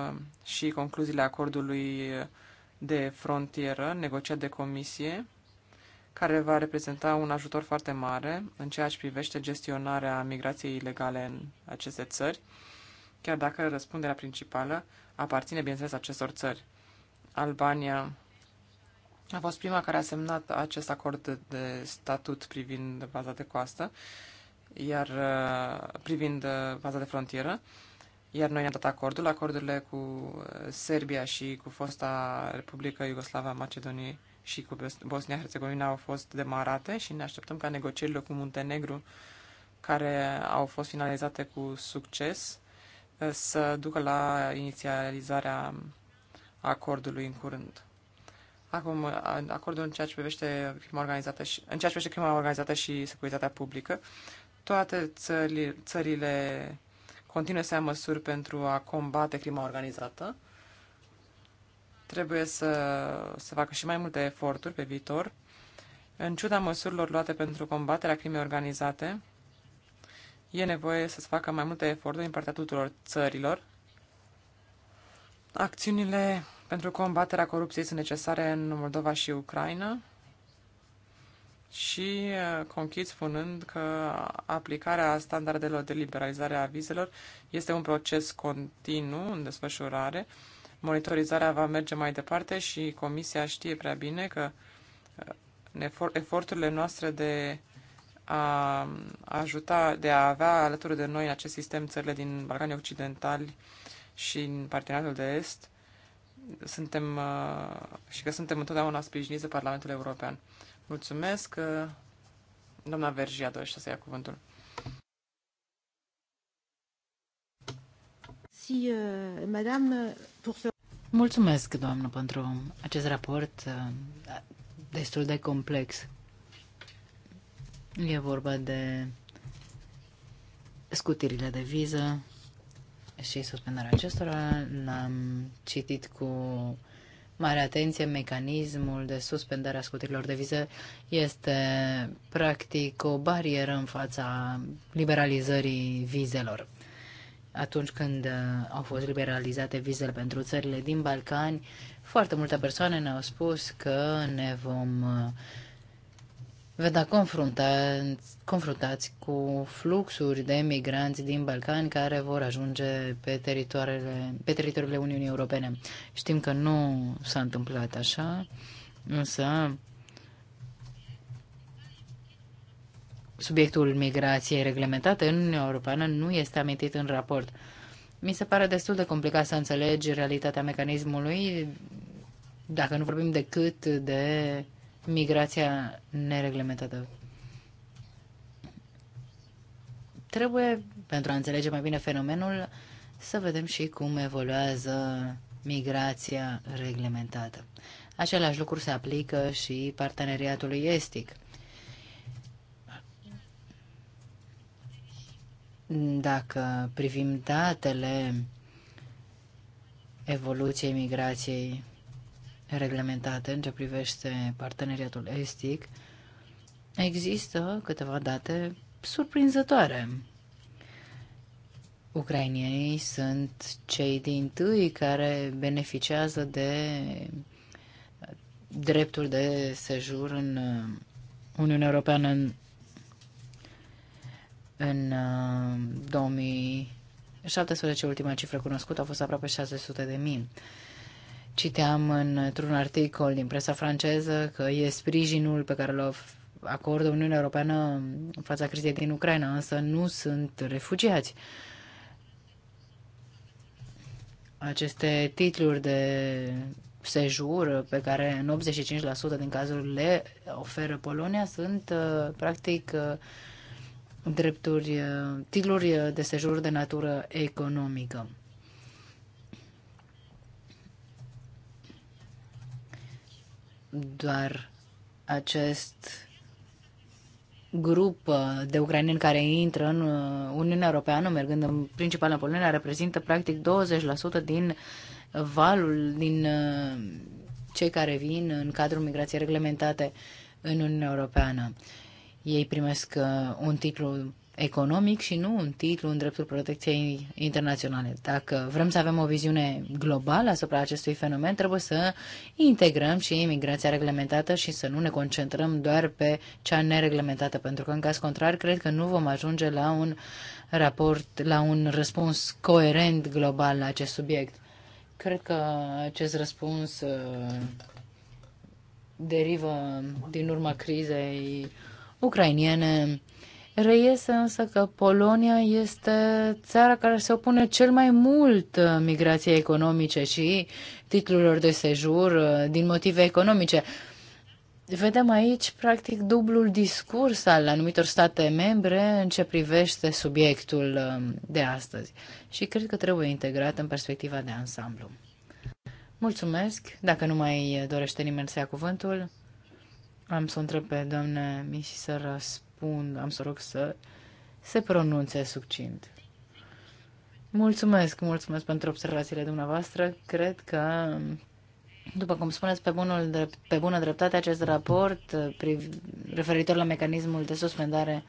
și concluziile acordului de frontieră negociat de comisie, care va reprezenta un ajutor foarte mare în ceea ce privește gestionarea migrației ilegale în aceste țări, chiar dacă răspunderea principală aparține, bineînțeles, acestor țări. Albania a fost prima care a semnat acest acord de statut privind baza de coastă, iar uh, privind uh, baza de frontieră, iar noi ne-am dat acordul, acordurile cu uh, Serbia și cu fosta Republică Iugoslava Macedoniei și cu Bosnia-Herzegovina au fost demarate și ne așteptăm ca negocierile cu Muntenegru, care au fost finalizate cu succes, să ducă la inițializarea acordului în curând. Acum, acordul în ceea ce privește crima organizată și, în ceea ce privește crima organizată și securitatea publică, toate țările, țările continuă să ia măsuri pentru a combate crima organizată. Trebuie să se facă și mai multe eforturi pe viitor. În ciuda măsurilor luate pentru combaterea crimei organizate, e nevoie să se facă mai multe eforturi din partea tuturor țărilor. Acțiunile pentru combaterea corupției sunt necesare în Moldova și Ucraina și uh, conchid spunând că aplicarea standardelor de liberalizare a vizelor este un proces continuu în desfășurare. Monitorizarea va merge mai departe și Comisia știe prea bine că uh, eforturile noastre de a ajuta, de a avea alături de noi în acest sistem țările din Balcanii Occidentali și în Parteneriatul de Est, suntem, și că suntem întotdeauna sprijiniți de Parlamentul European. Mulțumesc. Doamna Vergia dorește să ia cuvântul. Mulțumesc, doamnă, pentru acest raport destul de complex. E vorba de scutirile de viză și suspendarea acestora. N-am citit cu mare atenție mecanismul de suspendare a scutirilor de viză. Este practic o barieră în fața liberalizării vizelor. Atunci când uh, au fost liberalizate vizele pentru țările din Balcani, foarte multe persoane ne-au spus că ne vom uh, vedea confruntați, confruntați cu fluxuri de migranți din Balcani care vor ajunge pe teritoriile, pe teritoriile Uniunii Europene. Știm că nu s-a întâmplat așa, însă subiectul migrației reglementate în Uniunea Europeană nu este amintit în raport. Mi se pare destul de complicat să înțelegi realitatea mecanismului dacă nu vorbim decât de migrația nereglementată. Trebuie, pentru a înțelege mai bine fenomenul, să vedem și cum evoluează migrația reglementată. Același lucru se aplică și parteneriatului estic. Dacă privim datele evoluției migrației reglementate în ce privește parteneriatul estic, există câteva date surprinzătoare. Ucrainienii sunt cei din tâi care beneficiază de drepturi de sejur în uh, Uniunea Europeană în, în 2017. Uh, ultima cifră cunoscută a fost aproape 600 de mii. Citeam într-un articol din presa franceză că e sprijinul pe care l-a acordă Uniunea Europeană în fața crizei din Ucraina, însă nu sunt refugiați. Aceste titluri de sejur pe care în 85% din cazuri le oferă Polonia sunt uh, practic uh, drepturi, uh, titluri de sejur de natură economică. doar acest grup uh, de ucraineni care intră în uh, Uniunea Europeană, mergând în principal în Polonia, reprezintă practic 20% din valul, din uh, cei care vin în cadrul migrației reglementate în Uniunea Europeană. Ei primesc un titlu economic și nu un titlu în dreptul protecției internaționale. Dacă vrem să avem o viziune globală asupra acestui fenomen, trebuie să integrăm și imigrația reglementată și să nu ne concentrăm doar pe cea nereglementată, pentru că în caz contrar cred că nu vom ajunge la un raport, la un răspuns coerent global la acest subiect. Cred că acest răspuns uh, derivă din urma crizei ucrainiene, Reiese însă că Polonia este țara care se opune cel mai mult uh, migrației economice și titlurilor de sejur uh, din motive economice. Vedem aici, practic, dublul discurs al anumitor state membre în ce privește subiectul uh, de astăzi și cred că trebuie integrat în perspectiva de ansamblu. Mulțumesc. Dacă nu mai dorește nimeni să ia cuvântul, am să o întreb pe doamne Misi să răspund, am să rog să se pronunțe succint. Mulțumesc, mulțumesc pentru observațiile dumneavoastră. Cred că, după cum spuneți, pe, bunul, drept, pe bună dreptate, acest raport uh, priv, referitor la mecanismul de suspendare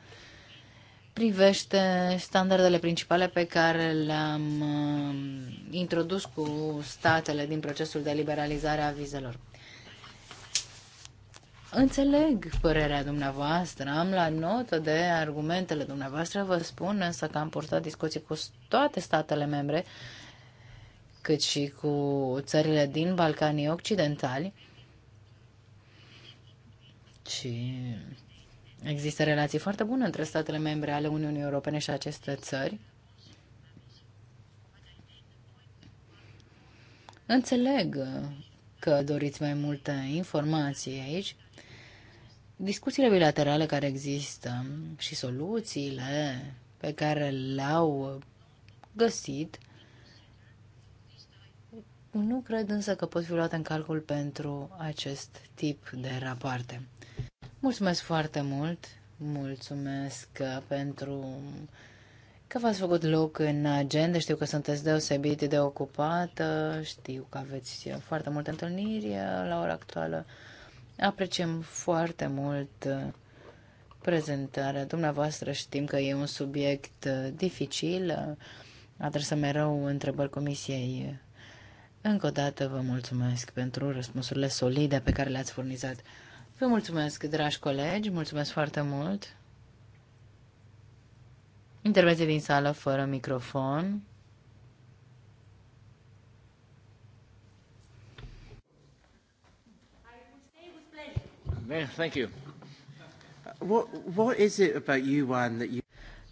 privește standardele principale pe care le-am uh, introdus cu statele din procesul de liberalizare a vizelor. Înțeleg părerea dumneavoastră, am la notă de argumentele dumneavoastră, vă spun însă că am purtat discuții cu toate statele membre, cât și cu țările din Balcanii Occidentali și există relații foarte bune între statele membre ale Uniunii Europene și aceste țări. Înțeleg că doriți mai multe informații aici, discuțiile bilaterale care există și soluțiile pe care le-au găsit, nu cred însă că pot fi luate în calcul pentru acest tip de rapoarte. Mulțumesc foarte mult, mulțumesc pentru că v-ați făcut loc în agenda, știu că sunteți deosebit de ocupată, știu că aveți foarte multe întâlniri la ora actuală. Apreciem foarte mult uh, prezentarea dumneavoastră. Știm că e un subiect uh, dificil. Adresăm mereu întrebări comisiei. Încă o dată vă mulțumesc pentru răspunsurile solide pe care le-ați furnizat. Vă mulțumesc, dragi colegi, mulțumesc foarte mult. Intervenție din sală fără microfon. thank you. What, what is it about you, Juan, that you...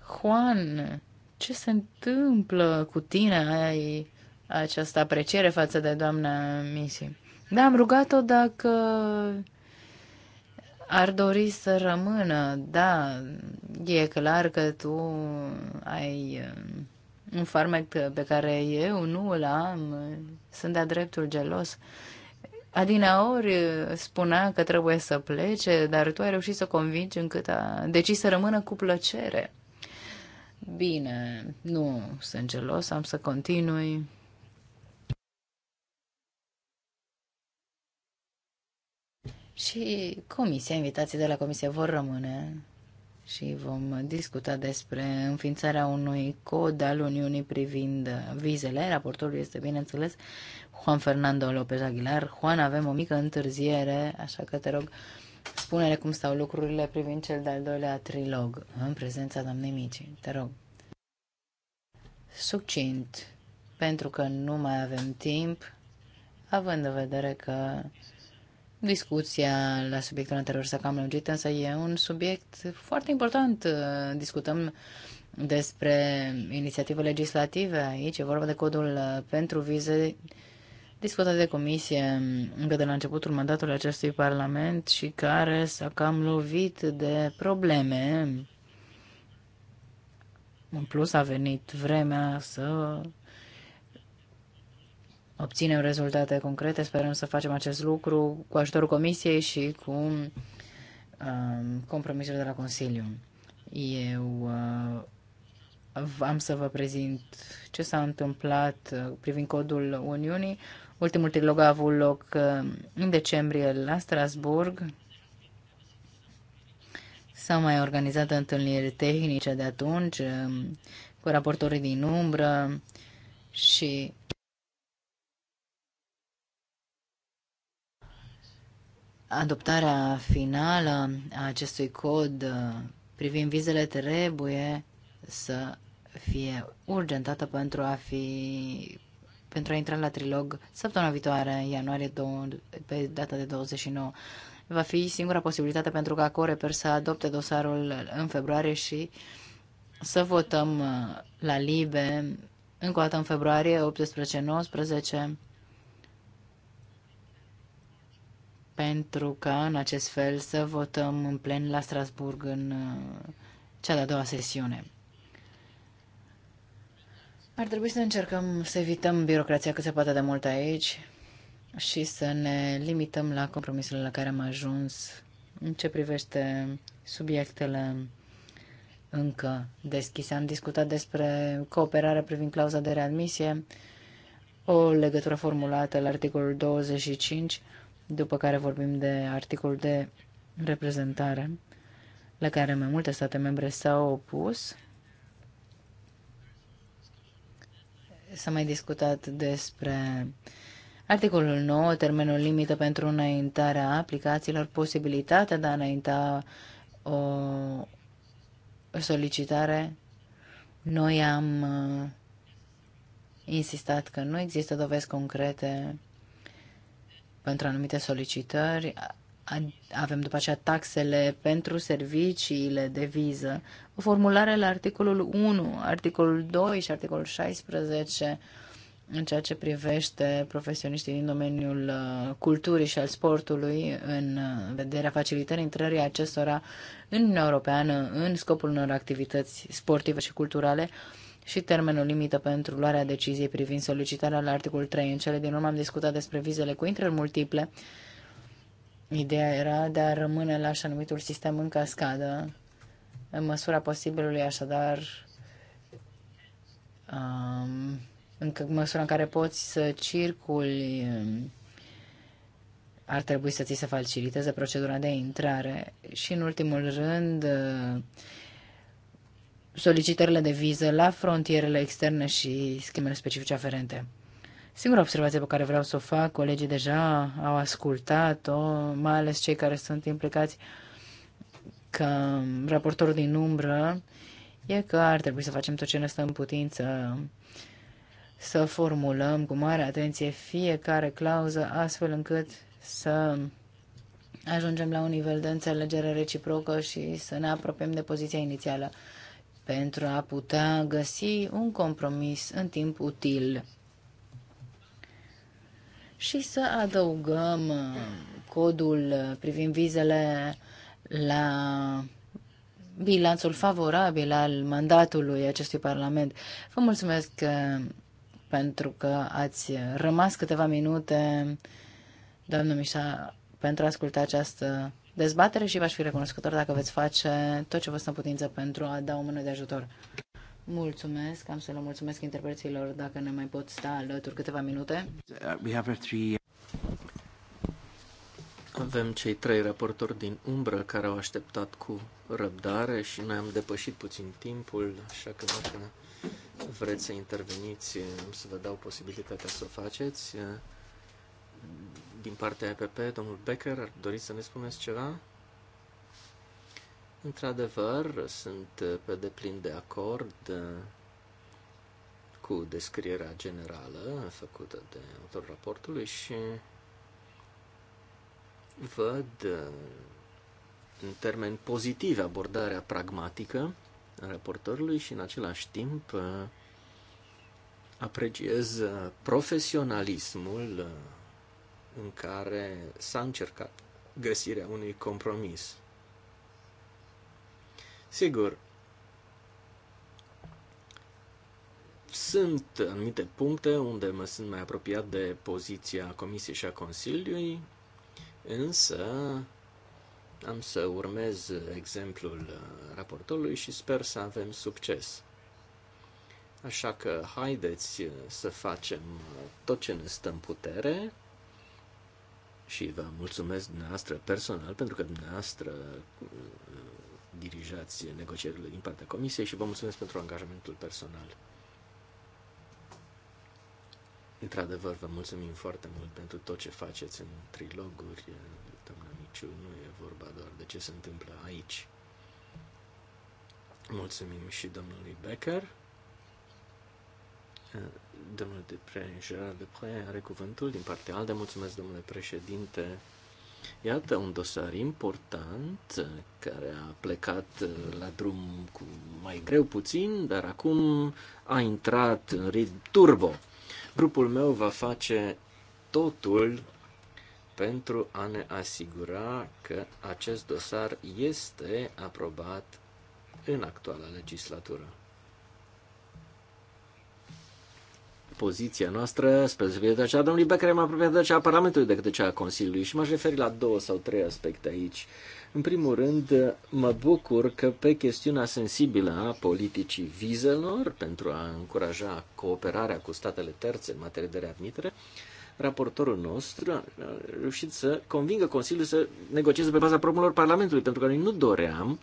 Juan, ce se întâmplă cu tine? Ai această apreciere față de doamna Misi. Da, am rugat-o dacă ar dori să rămână. Da, e clar că tu ai um, un farmec pe care eu nu l am. Sunt de-a dreptul gelos. Uh, Adina Ori uh, spunea că trebuie să plece, dar tu ai reușit să convingi încât a decis să rămână cu plăcere. Bine, nu sunt gelos, am să continui. Și comisia, invitații de la comisie vor rămâne și vom discuta despre înființarea unui cod al Uniunii privind vizele. Raportorul este, bineînțeles, Juan Fernando López Aguilar. Juan, avem o mică întârziere, așa că te rog, spune-ne cum stau lucrurile privind cel de-al doilea trilog în prezența doamnei Mici. Te rog. Succint, pentru că nu mai avem timp, având în vedere că discuția la subiectul anterior să cam lungit, însă e un subiect foarte important. Discutăm despre inițiative legislative aici, e vorba de codul pentru vize discutat de comisie încă de la începutul mandatului acestui parlament și care s-a cam lovit de probleme. În plus a venit vremea să obținem rezultate concrete. Sperăm să facem acest lucru cu ajutorul Comisiei și cu um, compromisul de la Consiliu. Eu uh, am să vă prezint ce s-a întâmplat uh, privind codul Uniunii. Ultimul trilog a avut loc uh, în decembrie la Strasburg. S-au mai organizat întâlniri tehnice de atunci uh, cu raportorii din umbră și adoptarea finală a acestui cod uh, privind vizele trebuie să fie urgentată pentru a fi pentru a intra la trilog săptămâna viitoare, ianuarie, pe data de 29. Va fi singura posibilitate pentru ca Coreper să adopte dosarul în februarie și să votăm uh, la Libe încă o dată în februarie, 18-19 pentru ca în acest fel să votăm în plen la Strasburg în uh, cea de-a doua sesiune. Ar trebui să încercăm să evităm birocrația cât se poate de mult aici și să ne limităm la compromisurile la care am ajuns în ce privește subiectele încă deschise. Am discutat despre cooperarea privind clauza de readmisie, o legătură formulată la articolul 25 după care vorbim de articolul de reprezentare, la care mai multe state membre s-au opus. S-a mai discutat despre articolul 9, termenul limită pentru înaintarea aplicațiilor, posibilitatea de a înainta o solicitare. Noi am uh, insistat că nu există dovezi concrete pentru anumite solicitări, avem după aceea taxele pentru serviciile de viză, o formulare la articolul 1, articolul 2 și articolul 16 în ceea ce privește profesioniștii din domeniul uh, culturii și al sportului în uh, vederea facilitării intrării acestora în Uniunea Europeană în scopul unor activități sportive și culturale, uh, și termenul limită pentru luarea deciziei privind solicitarea la articol 3. În cele din urmă am discutat despre vizele cu intrări multiple. Ideea era de a rămâne la așa numitul sistem în cascadă, în măsura posibilului, așadar, um, în măsura în care poți să circuli, um, ar trebui să ți se faciliteze procedura de intrare. Și, în ultimul rând, uh, solicitările de viză la frontierele externe și schemele specifice aferente. Singura observație pe care vreau să o fac, colegii deja au ascultat-o, mai ales cei care sunt implicați ca raportor din umbră, e că ar trebui să facem tot ce ne stă în putință să formulăm cu mare atenție fiecare clauză astfel încât să ajungem la un nivel de înțelegere reciprocă și să ne apropiem de poziția inițială pentru a putea găsi un compromis în timp util și să adăugăm uh, codul privind vizele la bilanțul favorabil al mandatului acestui Parlament. Vă mulțumesc uh, pentru că ați rămas câteva minute, doamnă Mișa, pentru a asculta această dezbatere și v-aș fi recunoscător dacă veți face tot ce vă stă în putință pentru a da o mână de ajutor. Mulțumesc, am să le mulțumesc interpreților dacă ne mai pot sta alături câteva minute. We have three... Avem cei trei raportori din umbră care au așteptat cu răbdare și noi am depășit puțin timpul, așa că dacă vreți să interveniți, să vă dau posibilitatea să o faceți din partea EPP, domnul Becker, ar dori să ne spuneți ceva? Într-adevăr, sunt uh, pe deplin de acord uh, cu descrierea generală făcută de autorul raportului și văd uh, în termeni pozitiv abordarea pragmatică a raportorului și în același timp apreciez profesionalismul în care s-a încercat găsirea unui compromis. Sigur, sunt anumite puncte unde mă sunt mai apropiat de poziția Comisiei și a Consiliului, însă am să urmez exemplul raportorului și sper să avem succes. Așa că haideți să facem tot ce ne stă în putere și vă mulțumesc dumneavoastră personal pentru că dumneavoastră uh, dirijați negocierile din partea Comisiei și vă mulțumesc pentru angajamentul personal. Într-adevăr, vă mulțumim foarte mult pentru tot ce faceți în triloguri, doamna Miciu, nu e vorba doar de ce se întâmplă aici. Mulțumim și domnului Becker. Domnul Depre, de prea are cuvântul din partea ALDE. Mulțumesc, domnule președinte. Iată un dosar important uh, care a plecat uh, la drum cu mai greu puțin, dar acum a intrat în ritm turbo. Grupul meu va face totul pentru a ne asigura că acest dosar este aprobat în actuala legislatură. poziția noastră spre deosebire de aceea a domnului Becker, mai apropiat de aceea a Parlamentului decât de cea a Consiliului și m-aș referi la două sau trei aspecte aici. În primul rând, mă bucur că pe chestiunea sensibilă a politicii vizelor, pentru a încuraja cooperarea cu statele terțe în materie de readmitere, raportorul nostru a reușit să convingă Consiliul să negocieze pe baza promulor Parlamentului, pentru că noi nu doream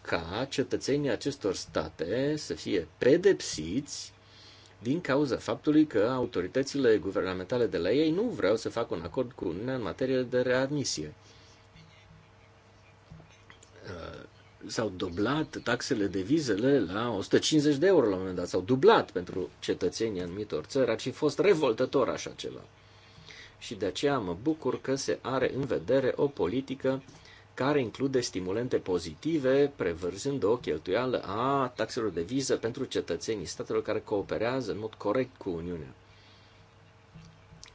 ca cetățenii acestor state să fie pedepsiți din cauza faptului că autoritățile guvernamentale de la ei nu vreau să facă un acord cu Uniunea în materie de readmisie. Uh, s-au dublat taxele de vizele la 150 de euro la un moment dat, s-au dublat pentru cetățenii anumitor țări, ar fi fost revoltător așa ceva. Și de aceea mă bucur că se are în vedere o politică uh, care include stimulente pozitive, prevărzând o cheltuială a taxelor de viză pentru cetățenii statelor care cooperează în mod corect cu Uniunea.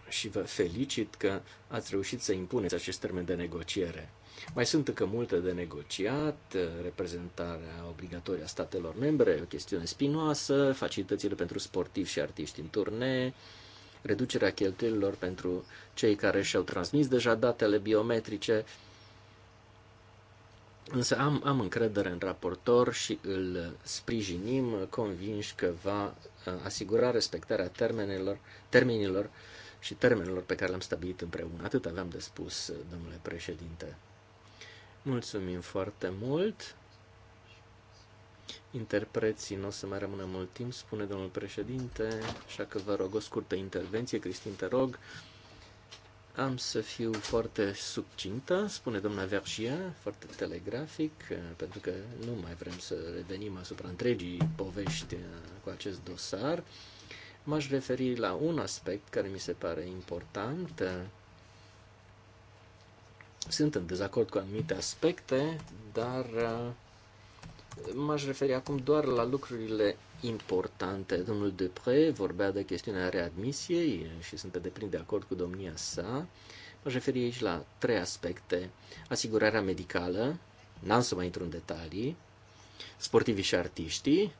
Și vă felicit că ați reușit să impuneți acest termen de negociere. Mai sunt încă multe de negociat, reprezentarea obligatorie a statelor membre, o chestiune spinoasă, facilitățile pentru sportivi și artiști în turnee, reducerea cheltuielilor pentru cei care și-au transmis deja datele biometrice, Însă am, am încredere în raportor și îl sprijinim convinși că va uh, asigura respectarea termenelor, termenilor și termenelor pe care le-am stabilit împreună. Atât aveam de spus, domnule președinte. Mulțumim foarte mult. Interpreții nu o să mai rămână mult timp, spune domnul președinte, așa că vă rog o scurtă intervenție. Cristin, te rog. Am să fiu foarte subcintă, spune doamna Vergia, foarte telegrafic, eh, pentru că nu mai vrem să revenim asupra întregii povești eh, cu acest dosar. M-aș referi la un aspect care mi se pare important. Sunt în dezacord cu anumite aspecte, dar eh, m-aș referi acum doar la lucrurile importante. Domnul Depre vorbea de chestiunea readmisiei și sunt pe deplin de acord cu domnia sa. Mă referi aici la trei aspecte. Asigurarea medicală, n-am să mai intru în detalii, sportivii și artiștii,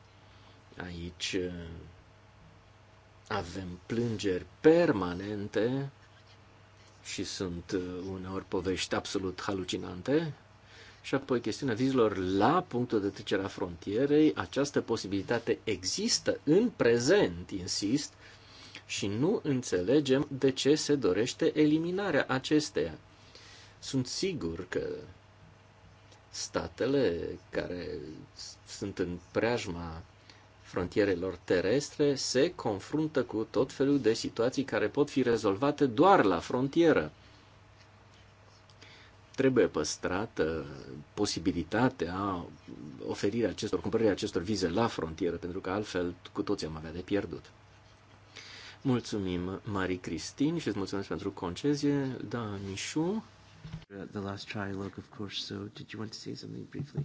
aici uh, avem plângeri permanente și sunt uh, uneori povești absolut halucinante. Și apoi chestiunea vizilor la punctul de trecere a frontierei, această posibilitate există în prezent, insist, și nu înțelegem de ce se dorește eliminarea acesteia. Sunt sigur că statele care sunt în preajma frontierelor terestre se confruntă cu tot felul de situații care pot fi rezolvate doar la frontieră trebuie păstrată posibilitatea oferirii acestor, cumpărării acestor vize la frontieră, pentru că altfel cu toții am avea de pierdut. Mulțumim, Marie Cristin, și îți mulțumesc pentru concezie. Da, Mișu. The last trialogue, of course, so did you want to say something briefly?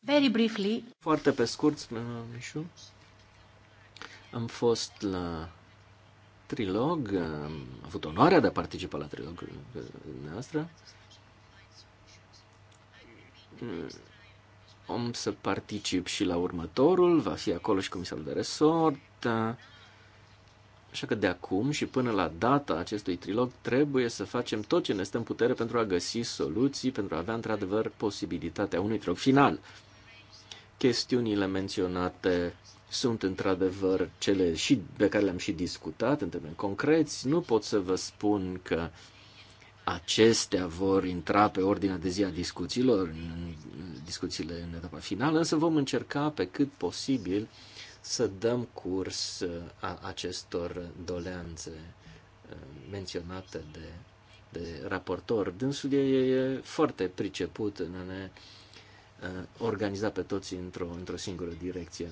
Very briefly. Foarte pe scurt, Mișu. Am fost la trilog, am avut onoarea de a participa la trilogul noastră Om mm, să particip și la următorul, va fi acolo și comisarul de resort. Da. Așa că de acum și până la data acestui trilog trebuie să facem tot ce ne stă în putere pentru a găsi soluții, pentru a avea într-adevăr posibilitatea unui trilog final. Chestiunile menționate sunt într-adevăr cele și pe care le-am și discutat în termeni concreți. Nu pot să vă spun că uh, acestea vor intra pe ordinea de zi a discuțiilor, în discuțiile în etapa finală, însă vom încerca pe cât posibil să dăm curs uh, a acestor doleanțe uh, menționate de, de raportor. Dânsul e, e foarte priceput în a ne uh, organiza pe toți într-o, într-o singură direcție.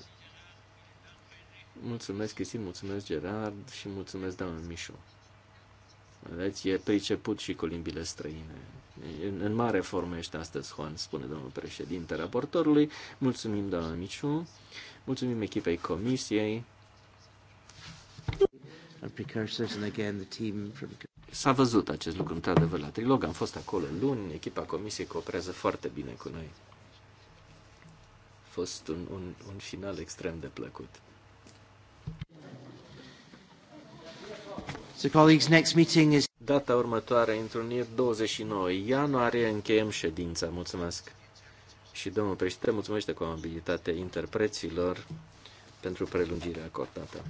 Mulțumesc, Cristin, mulțumesc, Gerard și mulțumesc, doamna Mișu. Vedeți, e priceput și cu limbile străine. În, în mare formă ești astăzi, Juan, spune domnul președinte raportorului. Mulțumim, doamna Miciu. Mulțumim echipei comisiei. S-a văzut acest lucru, într-adevăr, la trilog. Am fost acolo luni, echipa comisiei cooperează foarte bine cu noi. A fost un, un, un final extrem de plăcut. So, colleagues, next meeting is... Data următoare, întâlniri 29 ianuarie, încheiem ședința. Mulțumesc! Și domnul președinte mulțumesc de amabilitate interpreților pentru prelungirea acordată.